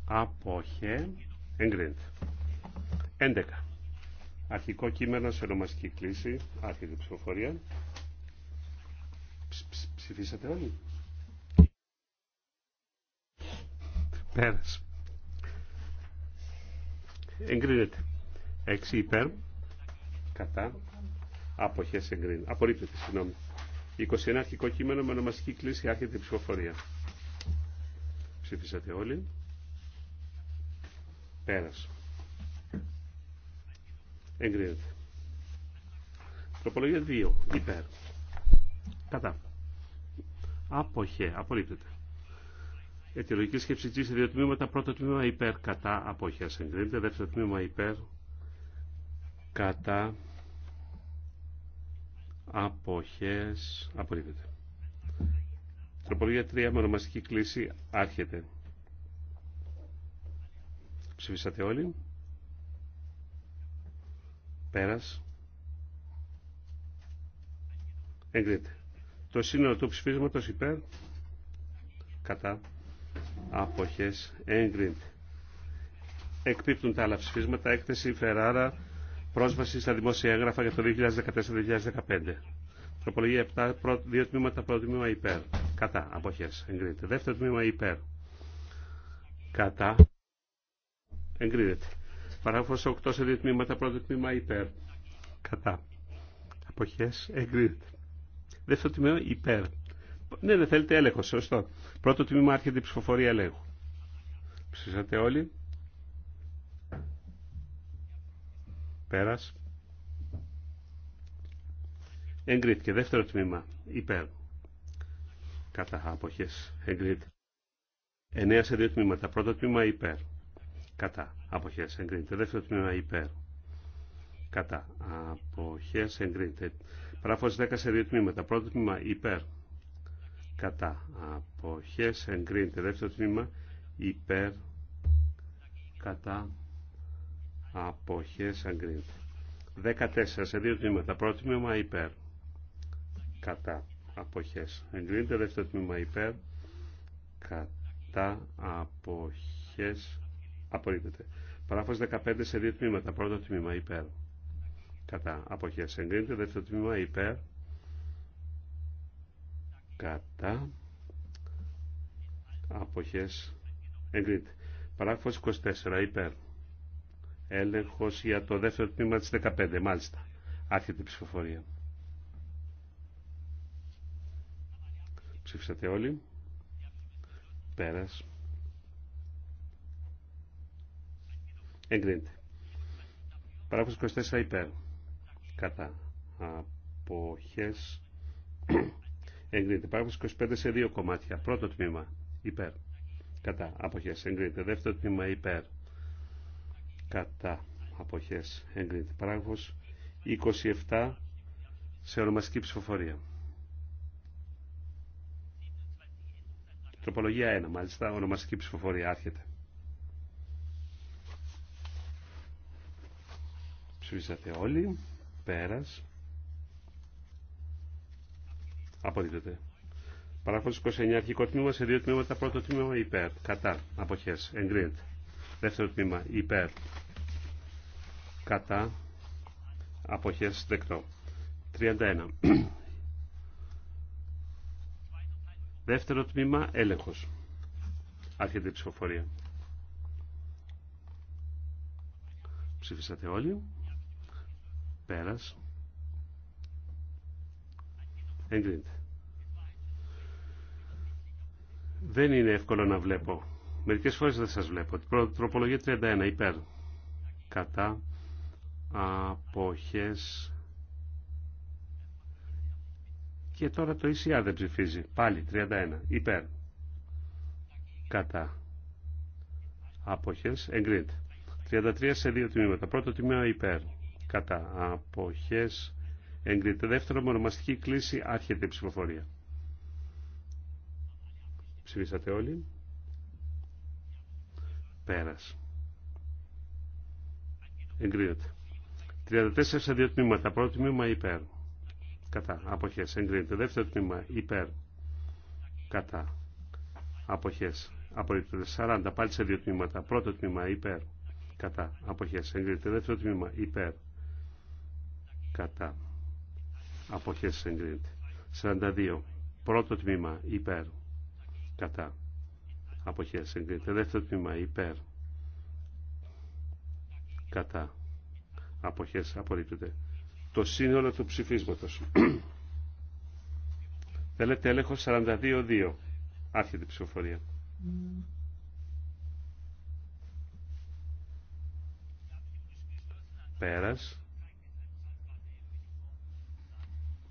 αποχέ, εγκρίνεται. 11. Αρχικό κείμενο σε ονομαστική κλίση, άρχιδη ψηφοφορία. Ψ, ψηφίσατε όλοι. Πέρας. Εγκρίνεται. 6 υπέρ. Κατά. Αποχές εγκρίνεται. Απορρίπτεται, συγγνώμη. 21 αρχικό κείμενο με ονομαστική κλίση άρχεται η ψηφοφορία. Ψήφισατε όλοι. Πέρας. Εγκρίνεται. Τροπολογία 2. Υπέρ. Κατά. Αποχέ. Απορρίπτεται. Αιτιολογική σκέψη G σε δύο τμήματα. Πρώτο τμήμα υπέρ κατά αποχές εγκρίνεται. Δεύτερο τμήμα υπέρ κατά αποχές απορρίπτεται. Τροπολογία 3 με ονομαστική κλίση άρχεται. Ψηφίσατε όλοι. Πέρας. Εγκρίνεται. Το σύνολο του ψηφίσματος υπέρ κατά αποχές εγκρίνεται. Εκπίπτουν τα άλλα ψηφίσματα. Έκθεση Φεράρα πρόσβαση στα δημόσια έγγραφα για το 2014-2015. Τροπολογία 7, Πρώτο, δύο τμήματα, πρώτο τμήμα υπέρ. Κατά, αποχές, εγκρίνεται. Δεύτερο τμήμα υπέρ. Κατά, εγκρίνεται. Παράγραφος 8 σε δύο τμήματα, πρώτο τμήμα υπέρ. Κατά, αποχές, εγκρίνεται. Δεύτερο τμήμα υπέρ. Ναι, δεν ναι, θέλετε έλεγχο, σωστό. Πρώτο τμήμα άρχεται η ψηφοφορία ελέγχου. Ψήσατε όλοι. Πέρας. Εγκρίθηκε. Δεύτερο τμήμα. Υπέρ. Κατά αποχές. Εγκρίθηκε. 9 σε δύο τμήματα. Πρώτο τμήμα υπέρ. Κατά αποχές. Εγκρίθηκε. Δεύτερο τμήμα υπέρ. Κατά αποχές. Εγκρίθηκε. Πράφος 10 σε δύο τμήματα. Πρώτο τμήμα υπέρ κατά αποχές εγκρίνεται δεύτερο τμήμα υπέρ κατά αποχές εγκρίνεται 14 σε δύο τμήματα πρώτο τμήμα υπέρ κατά αποχές εγκρίνεται δεύτερο τμήμα υπέρ κατά αποχές απορρίπτεται Παράφος 15 σε δύο τμήματα πρώτο τμήμα υπέρ κατά αποχές εγκρίνεται δεύτερο τμήμα υπέρ κατά αποχές εγκρίνεται. Παράγραφος 24 υπέρ. Έλεγχος για το δεύτερο τμήμα της 15 μάλιστα. Άρχεται η ψηφοφορία. Ψήφισατε όλοι. Πέρας. Εγκρίνεται. Παράγραφος 24 υπέρ. Κατά αποχές εγκρίνεται. Παράγραφος 25 σε δύο κομμάτια. Πρώτο τμήμα υπέρ. Κατά αποχές εγκρίνεται. Δεύτερο τμήμα υπέρ. Κατά αποχές εγκρίνεται. Παράγραφος 27 σε ονομαστική ψηφοφορία. Τροπολογία 1, μάλιστα, ονομαστική ψηφοφορία άρχεται. Ψηφίσατε όλοι, πέρας. Αποδίδεται. Παράγραφος 29. Αρχικό τμήμα σε δύο τμήματα. Πρώτο τμήμα υπέρ. Κατά. Αποχές. Εγκρίνεται. Δεύτερο τμήμα υπέρ. Κατά. Αποχές. Δεκτό. 31. Δεύτερο τμήμα έλεγχος. Άρχεται η ψηφοφορία. Ψήφισατε όλοι. Πέρας. Εγκρίνεται. Δεν είναι εύκολο να βλέπω. Μερικές φορές δεν σας βλέπω. Τροπολογία 31. Υπέρ. Κατά. Αποχές. Και τώρα το ECR δεν ψηφίζει. Πάλι 31. Υπέρ. Κατά. Αποχές. Εγκρίνεται. 33 σε δύο τμήματα. Πρώτο τμήμα υπέρ. Κατά. Αποχές. Εγκρίνεται. Δεύτερο, μονομαστική κλίση. Άρχεται η ψηφοφορία. Ψηφίσατε όλοι. Πέρας. Εγκρίνεται. 34 σε δύο τμήματα. Πρώτο τμήμα υπέρ. Κατά. Αποχές. Εγκρίνεται. Δεύτερο τμήμα υπέρ. Κατά. Αποχές. Απορρίπτεται. 40. Πάλι σε δύο τμήματα. Πρώτο τμήμα υπέρ. Κατά. Αποχές. Εγκρίνεται. Δεύτερο τμήμα υπέρ. Κατά αποχές εγκρίνεται. 42. Πρώτο τμήμα υπέρ κατά αποχές εγκρίνεται. Δεύτερο τμήμα υπέρ κατά αποχές απορρίπτεται. Το σύνολο του ψηφίσματος. Θέλετε έλεγχο 42-2. Άρχεται η ψηφοφορία. Mm. Πέρας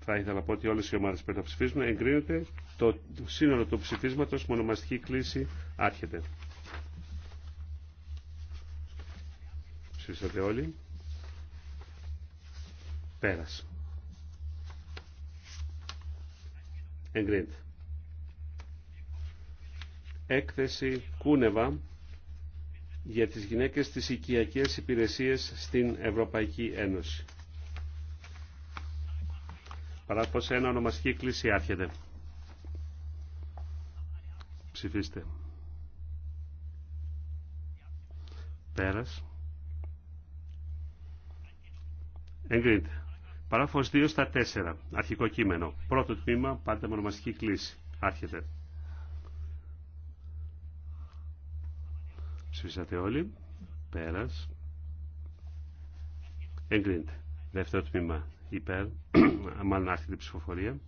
θα ήθελα να πω ότι όλες οι ομάδες πρέπει να ψηφίσουν, εγκρίνεται το σύνολο του ψηφίσματος, μονομαστική κλίση άρχεται. Ψηφίσατε όλοι. Πέρασε. Εγκρίνεται. Έκθεση Κούνεβα για τις γυναίκες τις οικιακές υπηρεσίες στην Ευρωπαϊκή Ένωση πως ένα Ονομαστική κλίση άρχεται. Ψηφίστε. Πέρας. Εγκρίνεται. Παράφος 2 στα 4. Αρχικό κείμενο. Πρώτο τμήμα. Πάντα με ονομαστική κλίση. Άρχεται. Ψηφίσατε όλοι. Πέρας. Εγκρίνεται. Δεύτερο τμήμα υπέρ, μάλλον άρχεται η ψηφοφορία.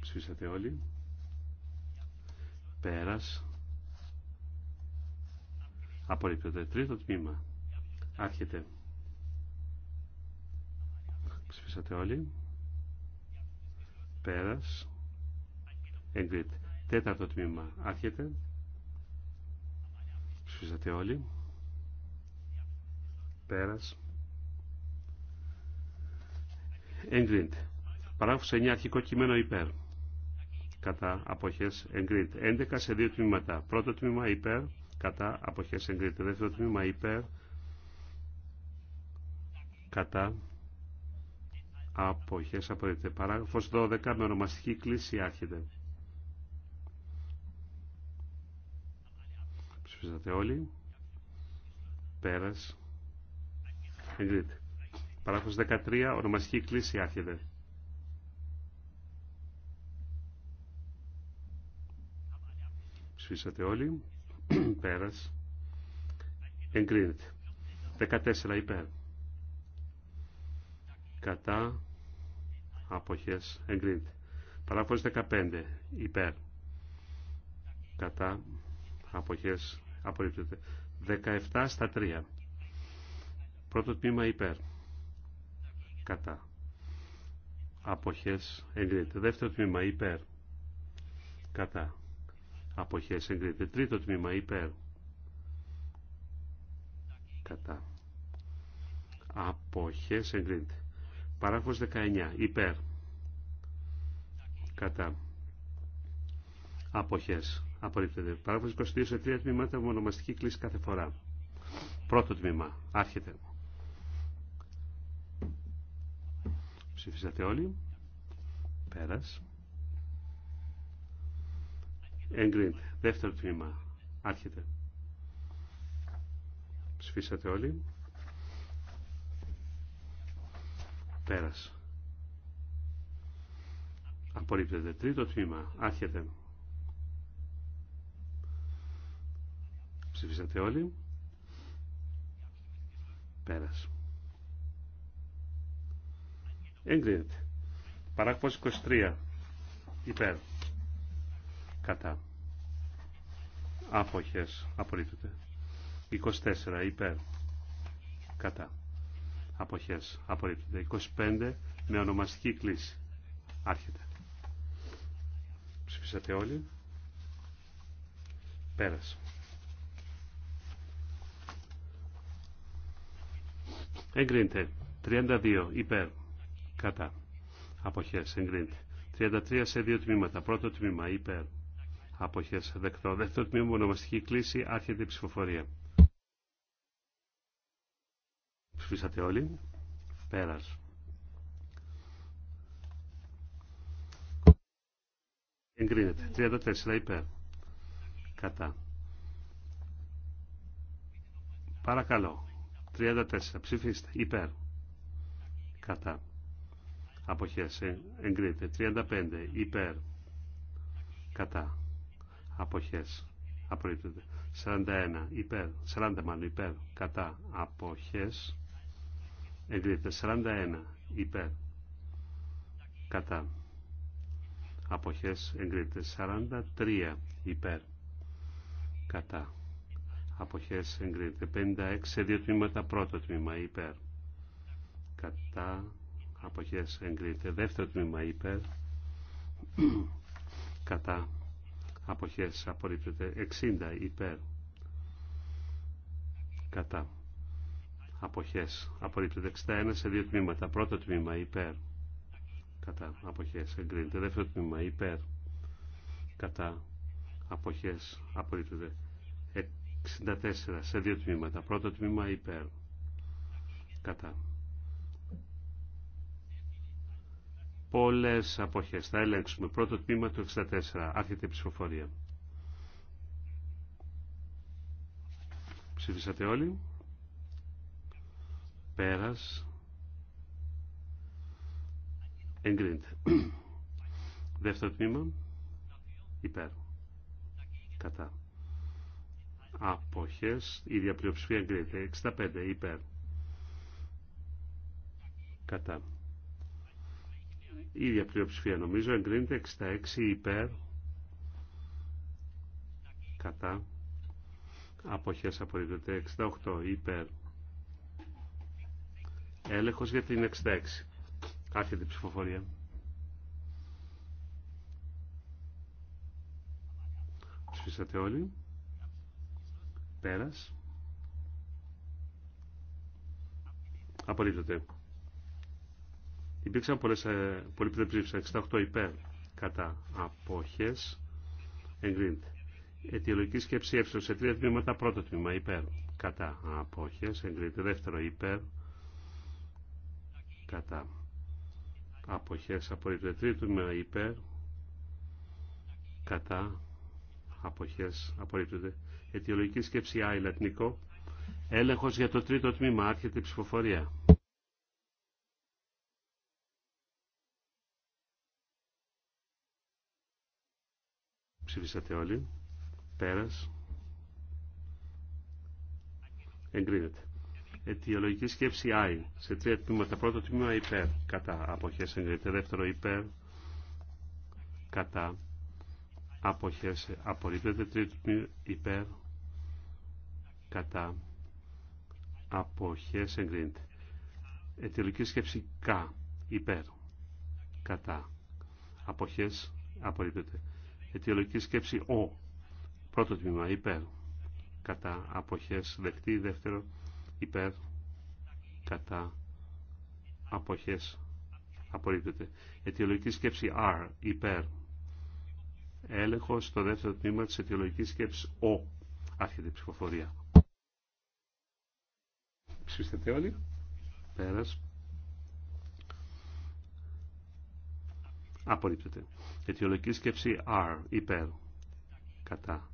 Ψηφίσατε όλοι. Πέρας. Απορρίπτεται. Τρίτο τμήμα. Άρχεται. Ψηφίσατε όλοι. Πέρας. εγκριτ Τέταρτο τμήμα. Άρχεται. Ψηφίσατε όλοι. Πέρας εγκρίνεται. Παράγραφος 9 αρχικό κείμενο υπέρ. Κατά αποχές εγκρίνεται. 11 σε δύο τμήματα. Πρώτο τμήμα υπέρ. Κατά αποχές εγκρίνεται. Δεύτερο τμήμα υπέρ. Κατά αποχές απορρίπτεται. Παράγραφος 12 με ονομαστική κλίση άρχεται. Ψηφίσατε όλοι. Πέρας. Εγκρίνεται. Παράγραφος 13, ονομαστική κλίση άρχεται. Ψήσατε όλοι. Πέρας. Εγκρίνεται. 14 υπέρ. Κατά. Αποχές. Εγκρίνεται. Παράγραφος 15 υπέρ. Κατά. Αποχές. Απορρίπτεται. 17 στα 3. Πρώτο τμήμα υπέρ κατά αποχές εγκρίνεται. Δεύτερο τμήμα υπέρ κατά αποχές εγκρίνεται. Τρίτο τμήμα υπέρ κατά αποχές εγκρίνεται. Παράγραφος 19 υπέρ κατά αποχές απορρίπτεται. Παράγραφος 22 σε τρία τμήματα με ονομαστική κλίση κάθε φορά. Πρώτο τμήμα άρχεται. Ψηφίσατε όλοι. Πέρας. Εγκρίνεται. Δεύτερο τμήμα. Άρχεται. Ψηφίσατε όλοι. Πέρας. Απορρίπτεται. Τρίτο τμήμα. Άρχεται. Ψηφίσατε όλοι. Πέρας. Εγκρίνεται. Παράγραφος 23. Υπέρ. Κατά. Άποχες. Απορρίπτεται. 24. Υπέρ. Κατά. Αποχές. Απορρίπτεται. 25. Με ονομαστική κλίση. Άρχεται. Ψηφίσατε όλοι. Πέρασε. Εγκρίνεται. 32. Υπέρ κατά Αποχέ, εγκρίνεται 33 σε δύο τμήματα πρώτο τμήμα υπέρ Αποχέ, δεκτό δεύτερο τμήμα ονομαστική κλίση άρχεται η ψηφοφορία ψηφίσατε όλοι πέρας εγκρίνεται 34 υπέρ κατά παρακαλώ 34 ψηφίστε υπέρ κατά αποχές ε, εγκρίνεται 35 υπέρ κατά αποχές απορρίπτεται 41 υπέρ 40 μάλλον υπέρ κατά αποχές εγκρίνεται 41 υπέρ κατά αποχές εγκρίνεται 43 υπέρ κατά αποχές εγκρίνεται 56 σε δύο τμήματα πρώτο τμήμα υπέρ κατά αποχές εγκρίνεται. Δεύτερο τμήμα υπέρ κατά αποχές απορρίπτεται. 60 υπέρ κατά αποχές απορρίπτεται. 61 σε δύο τμήματα. Πρώτο τμήμα υπέρ κατά αποχές εγκρίνεται. Δεύτερο τμήμα υπέρ κατά αποχές απορρίπτεται. 64 σε δύο τμήματα. Πρώτο τμήμα υπέρ κατά πολλές αποχές. Θα ελέγξουμε πρώτο τμήμα του 64. Άρχεται η ψηφοφορία. Ψήφισατε όλοι. Πέρας. Εγκρίνεται. Δεύτερο τμήμα. Υπέρ. Κατά. Αποχές. Η διαπλειοψηφία εγκρίνεται. 65. Υπέρ. Κατά η ίδια πλειοψηφία νομίζω εγκρίνεται 66 υπέρ κατά αποχές απορρίπτεται 68 υπέρ έλεγχος για την 66 άρχεται η ψηφοφορία ψηφίσατε όλοι πέρας απορρίπτεται Υπήρξαν πολλές, ε, πολλοί που δεν ψήφισαν, 68 υπέρ κατά αποχές εγκρίνεται. Αιτιολογική σκέψη έψεω σε τρία τμήματα. Πρώτο τμήμα υπέρ κατά αποχές εγκρίνεται. Δεύτερο υπέρ κατά αποχές απορρίπτεται. Τρίτο τμήμα υπέρ κατά αποχές απορρίπτεται. Αιτιολογική σκέψη Α, λατινικό. Έλεγχος για το τρίτο τμήμα. Άρχεται η ψηφοφορία. Ψηφίσατε όλοι. Πέρας. Εγκρίνεται. Αιτιολογική σκέψη I. Σε τρία τμήματα. Πρώτο τμήμα υπέρ. Κατά. Αποχές εγκρίνεται. Δεύτερο υπέρ. Κατά. Αποχές απορρίπτεται. Τρίτο τμήμα υπέρ. Κατά. Αποχές εγκρίνεται. Αιτιολογική σκέψη K. Υπέρ. Κατά. Αποχές απορρίπτεται. Αιτιολογική σκέψη Ο. Πρώτο τμήμα υπέρ. Κατά αποχές δεκτή. Δεύτερο υπέρ. Κατά αποχές απορρίπτεται. Αιτιολογική σκέψη R. Υπέρ. Έλεγχος στο δεύτερο τμήμα της αιτιολογικής σκέψης Ο. Άρχεται η ψηφοφορία. Ψήφιστε όλοι. Πέρας. Απορρίπτεται. Αιτιολογική σκέψη R. Υπέρ. Κατά.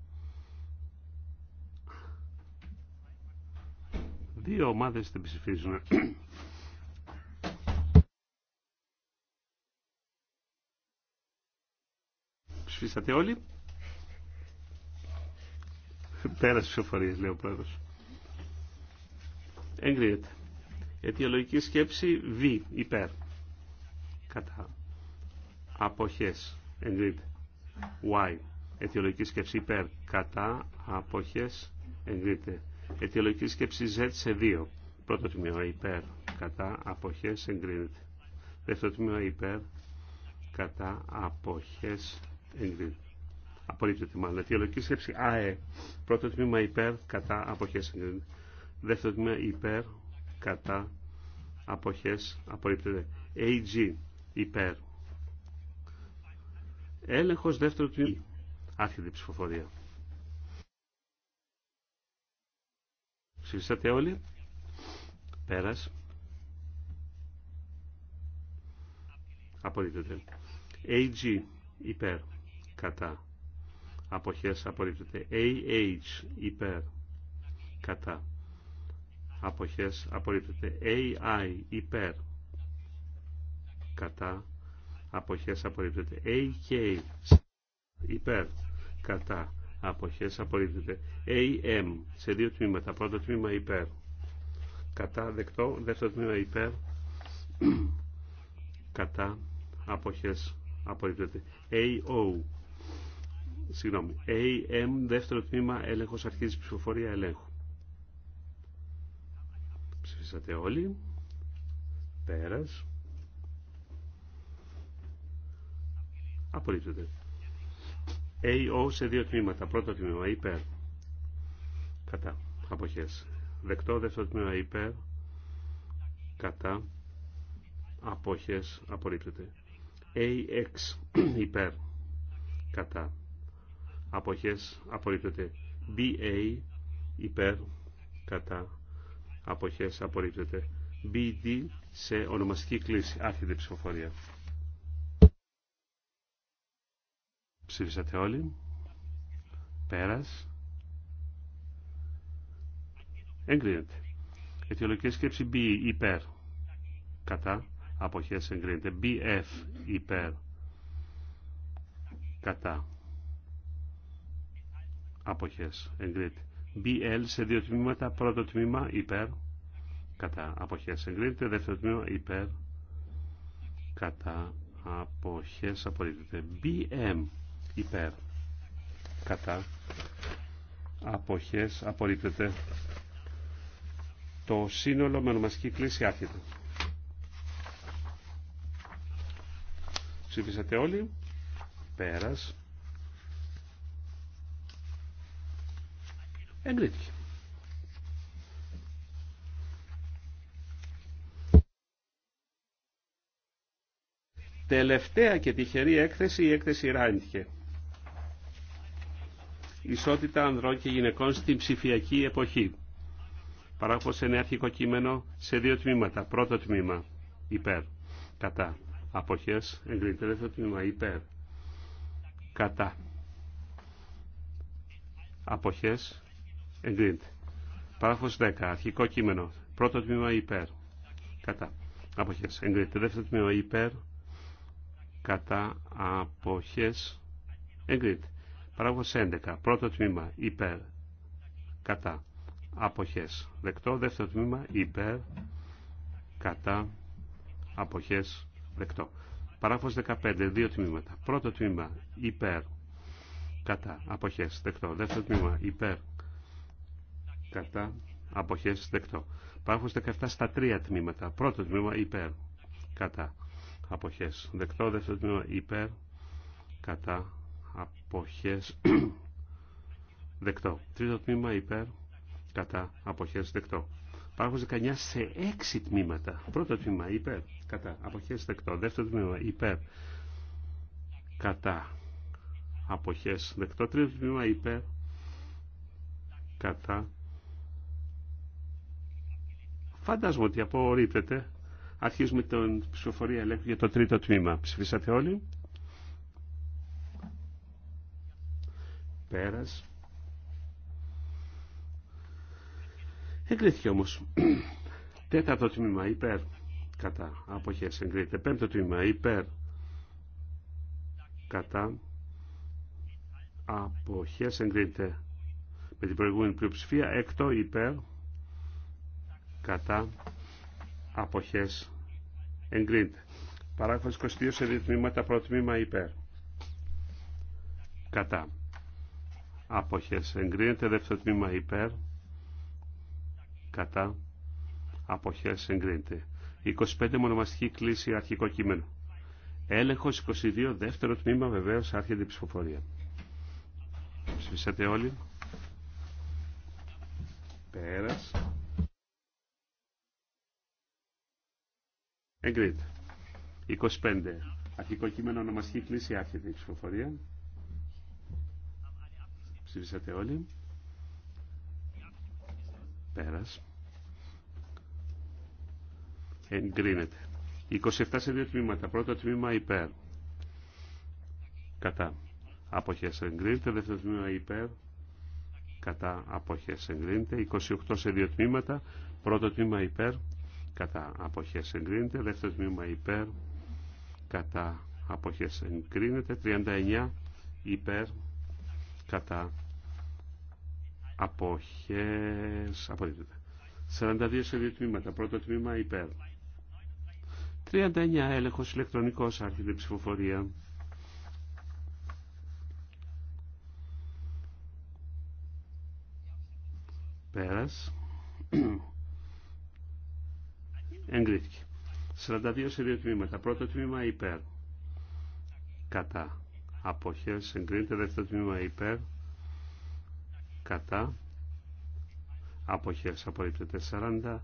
Δύο ομάδες δεν ψηφίζουν. Ψηφίσατε όλοι. Πέρασε ψηφοφορίες, λέει ο πρόεδρος. Έγκριεται. Αιτιολογική σκέψη V, Υπέρ. Κατά αποχές εγκρίνεται. Y. Αιτιολογική σκέψη υπέρ κατά αποχές εγκρίνεται. Αιτιολογική σκέψη Z σε δύο. Πρώτο τμήμα υπέρ κατά αποχές εγκρίνεται. Δεύτερο τμήμα υπέρ κατά αποχές εγκρίνεται. Απορρίπτεται μάλλον. Αιτιολογική σκέψη ΑΕ. Πρώτο τμήμα υπέρ κατά αποχές εγκρίνεται. Δεύτερο τμήμα υπέρ κατά αποχές απορρίπτεται. AG υπέρ Έλεγχος δεύτερο τμήμα. Άρχεται η ψηφοφορία. Ψηφίσατε όλοι. Πέρας. Απορρίπτεται. AG υπέρ. Κατά. Αποχές απορρίπτεται. AH υπέρ. Κατά. Αποχές απορρίπτεται. AI υπέρ. Κατά αποχές απορρίπτεται. AK υπέρ κατά αποχές απορρίπτεται. AM σε δύο τμήματα. Πρώτο τμήμα υπέρ κατά δεκτό. Δεύτερο τμήμα υπέρ κατά αποχές απορρίπτεται. AO συγγνώμη. AM δεύτερο τμήμα έλεγχος αρχής ψηφοφορία ελέγχου. Ψηφίσατε όλοι. Πέρας. Απολύτωται. AO σε δύο τμήματα. Πρώτο τμήμα υπέρ. Κατά. Αποχές. Δεκτό δεύτερο τμήμα υπέρ. Κατά. Αποχές. Απορρίπτεται. AX υπέρ. Κατά. Αποχές. Απορρίπτεται. BA υπέρ. Κατά. Αποχές. Απολύτωται. BD σε ονομαστική κλίση. Άρχεται ψηφοφορία. Ψήφισατε όλοι. Πέρας. Εγκρίνεται. Αιτιολογική σκέψη B υπέρ. Κατά. Αποχές εγκρίνεται. BF υπέρ. Κατά. Αποχές εγκρίνεται. BL σε δύο τμήματα. Πρώτο τμήμα υπέρ. Κατά. Αποχές εγκρίνεται. Δεύτερο τμήμα υπέρ. Κατά. Αποχές απορρίπτεται. BM υπέρ κατά αποχές απορρίπτεται το σύνολο με ονομαστική κλίση άρχεται. Ψήφισατε όλοι. Πέρας. Εγκρίθηκε. Τελευταία και τυχερή έκθεση, η έκθεση Ράιντχε ισότητα ανδρών και γυναικών στην ψηφιακή εποχή. Παράγραφος 9 αρχικό κείμενο σε δύο τμήματα. Πρώτο τμήμα υπέρ. Κατά. Αποχές εγκρίνεται. Δεύτερο τμήμα υπέρ. Κατά. Αποχές εγκρίνεται. Παράγραφος 10 αρχικό κείμενο. Πρώτο τμήμα υπέρ. Κατά. Αποχές εγκρίνεται. Δεύτερο τμήμα υπέρ. Κατά. Αποχές εγκρίνεται. Παράγος 11. Πρώτο τμήμα. Υπέρ. Κατά. Αποχές. Δεκτό. Δεύτερο τμήμα. Υπέρ. Κατά. Αποχές. Δεκτό. Παράγος 15. Δύο τμήματα. Πρώτο τμήμα. Υπέρ. Κατά. Αποχές. Δεκτό. Δεύτερο τμήμα. Υπέρ. Κατά. Αποχές. Δεκτό. Παράγος 17. Στα τρία τμήματα. Πρώτο τμήμα. Υπέρ. Κατά. Αποχές. Δεκτό. Δεύτερο τμήμα. Υπέρ. Κατά αποχές δεκτό. Τρίτο τμήμα υπέρ κατά αποχές δεκτό. Παράγος 19 σε έξι τμήματα. Πρώτο τμήμα υπέρ κατά αποχές δεκτό. Δεύτερο τμήμα υπέρ κατά αποχές δεκτό. Τρίτο τμήμα υπέρ κατά Φαντάζομαι ότι απορρίπτεται. Αρχίζουμε την ψηφοφορία ελέγχου για το τρίτο τμήμα. Ψηφίσατε όλοι. Πέρας. Εγκρίθηκε όμως. Τέταρτο τμήμα υπέρ. Κατά. Αποχές εγκρίνεται. Πέμπτο τμήμα υπέρ. Κατά. Αποχές εγκρίνεται. Με την προηγούμενη πλειοψηφία. Έκτο υπέρ. Κατά. Αποχές εγκρίνεται. Παράγραφος 22 σε δύο τμήματα. Πρώτο τμήμα υπέρ. Κατά αποχές εγκρίνεται δεύτερο τμήμα υπέρ κατά αποχές εγκρίνεται 25 μονομαστική κλίση αρχικό κείμενο έλεγχος 22 δεύτερο τμήμα βεβαίως άρχεται η ψηφοφορία ψηφίσατε όλοι πέρας εγκρίνεται 25 αρχικό κείμενο ονομαστική κλίση άρχεται η ψηφοφορία Ψηφίσατε όλοι. Πέρας. Εγκρίνεται. 27 σε δύο τμήματα. Πρώτο τμήμα υπέρ. Κατά. Αποχές εγκρίνεται. Δεύτερο τμήμα υπέρ. Κατά. Αποχές εγκρίνεται. 28 σε δύο τμήματα. Πρώτο τμήμα υπέρ. Κατά. Αποχές εγκρίνεται. Δεύτερο τμήμα υπέρ. Κατά. Αποχές εγκρίνεται. 39 υπέρ. Κατά. Αποχές. Απορρίπτεται. 42 σε δύο τμήματα. Πρώτο τμήμα υπέρ. 39 έλεγχος ηλεκτρονικός άρχεται ψηφοφορία. Πέρας. Εγκρίθηκε. 42 σε δύο τμήματα. Πρώτο τμήμα υπέρ. Κατά. Αποχές εγκρίνεται. Δεύτερο τμήμα υπέρ κατά αποχές απορρίπτεται 40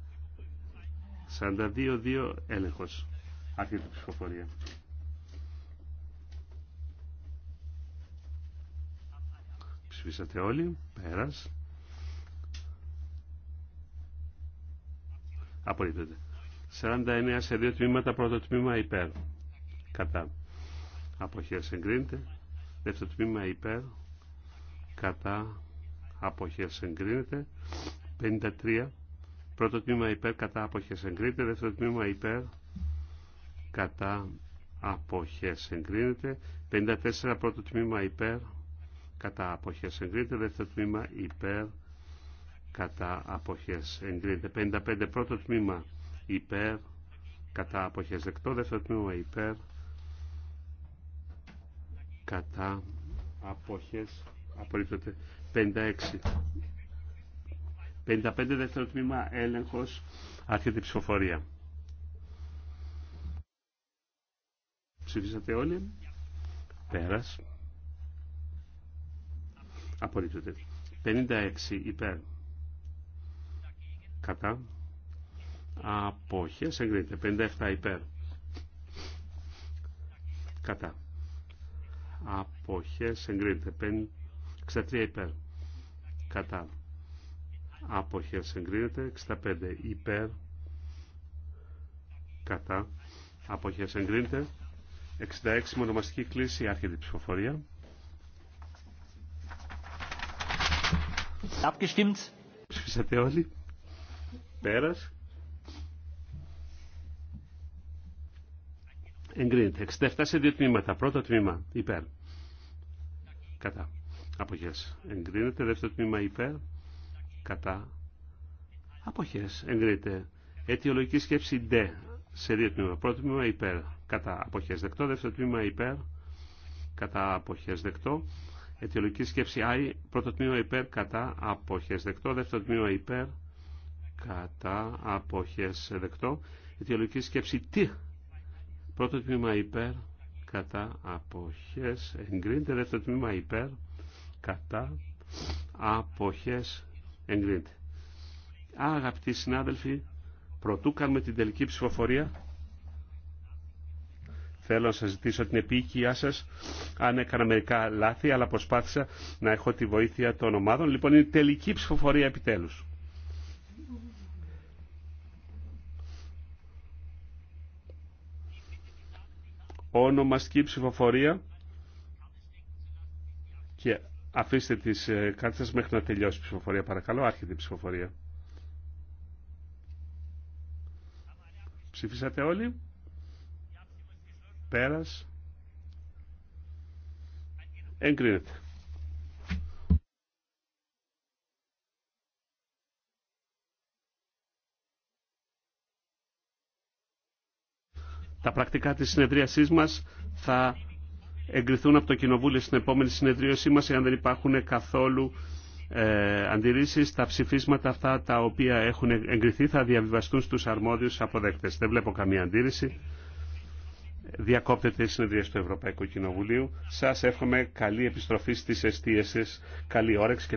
42-2 έλεγχος αρχή του ψηφοφορία ψηφίσατε όλοι πέρας απορρίπτεται 49 σε δύο τμήματα πρώτο τμήμα υπέρ κατά αποχές εγκρίνεται δεύτερο τμήμα υπέρ κατά αποχές εγκρίνεται. 53. Πρώτο τμήμα υπέρ κατά αποχές εγκρίνεται. Δεύτερο τμήμα υπέρ κατά αποχές εγκρίνεται. 54. Πρώτο τμήμα υπέρ κατά αποχές εγκρίνεται. Δεύτερο τμήμα υπέρ κατά αποχές εγκρίνεται. 55. Πρώτο τμήμα υπέρ κατά αποχές δεκτό. Δεύτερο τμήμα υπέρ κατά αποχές απορρίπτεται 56. 55 δεύτερο τμήμα έλεγχος άρχεται η ψηφοφορία. Ψηφίσατε όλοι. Πέρας. Απορρίπτεται. 56 υπέρ. Κατά. Απόχες εγκρίνεται. 57 υπέρ. Κατά. Απόχες εγκρίνεται. 63 υπέρ κατά αποχές εγκρίνεται 65 υπέρ κατά αποχές εγκρίνεται 66 μονομαστική κλίση άρχεται η ψηφοφορία Abgestimmt. Ψηφίσατε όλοι. Πέρας. Εγκρίνεται. 67 σε δύο τμήματα. Πρώτο τμήμα. Υπέρ. Κατά. Αποχές εγκρίνεται. Δεύτερο τμήμα υπέρ. Κατά. Αποχές εγκρίνεται. Αιτιολογική σκέψη D. Σε δύο τμήμα. Πρώτο τμήμα υπέρ. Κατά. Αποχές δεκτό. Δεύτερο τμήμα υπέρ. Κατά. Αποχές δεκτό. Αιτιολογική σκέψη I. Πρώτο τμήμα υπέρ. Κατά. Αποχές δεκτό. Δεύτερο τμήμα υπέρ. Κατά. Αποχές δεκτό. Αιτιολογική σκέψη T. Πρώτο τμήμα υπέρ. Κατά. Αποχές εγκρίνεται. Δεύτερο τμήμα υπέρ κατά αποχές εγκρίνεται. Αγαπητοί συνάδελφοι, πρωτού κάνουμε την τελική ψηφοφορία, θέλω να σας ζητήσω την επίοικιά σας, αν έκανα μερικά λάθη, αλλά προσπάθησα να έχω τη βοήθεια των ομάδων. Λοιπόν, είναι τελική ψηφοφορία επιτέλους. Ονομαστική ψηφοφορία και Αφήστε τις ε, κάρτες μέχρι να τελειώσει η ψηφοφορία παρακαλώ. Άρχεται η ψηφοφορία. Ψηφίσατε όλοι. Πέρας. Εγκρίνεται. Τα πρακτικά της συνεδρίασής μας θα εγκριθούν από το Κοινοβούλιο στην επόμενη συνεδρίωσή μας εάν δεν υπάρχουν καθόλου ε, αντιρρήσεις τα ψηφίσματα αυτά τα οποία έχουν εγκριθεί θα διαβιβαστούν στους αρμόδιους αποδέκτες. Δεν βλέπω καμία αντίρρηση. Διακόπτεται η συνεδρία του Ευρωπαϊκού Κοινοβουλίου. Σας εύχομαι καλή επιστροφή στις εστίες σας, καλή όρεξη.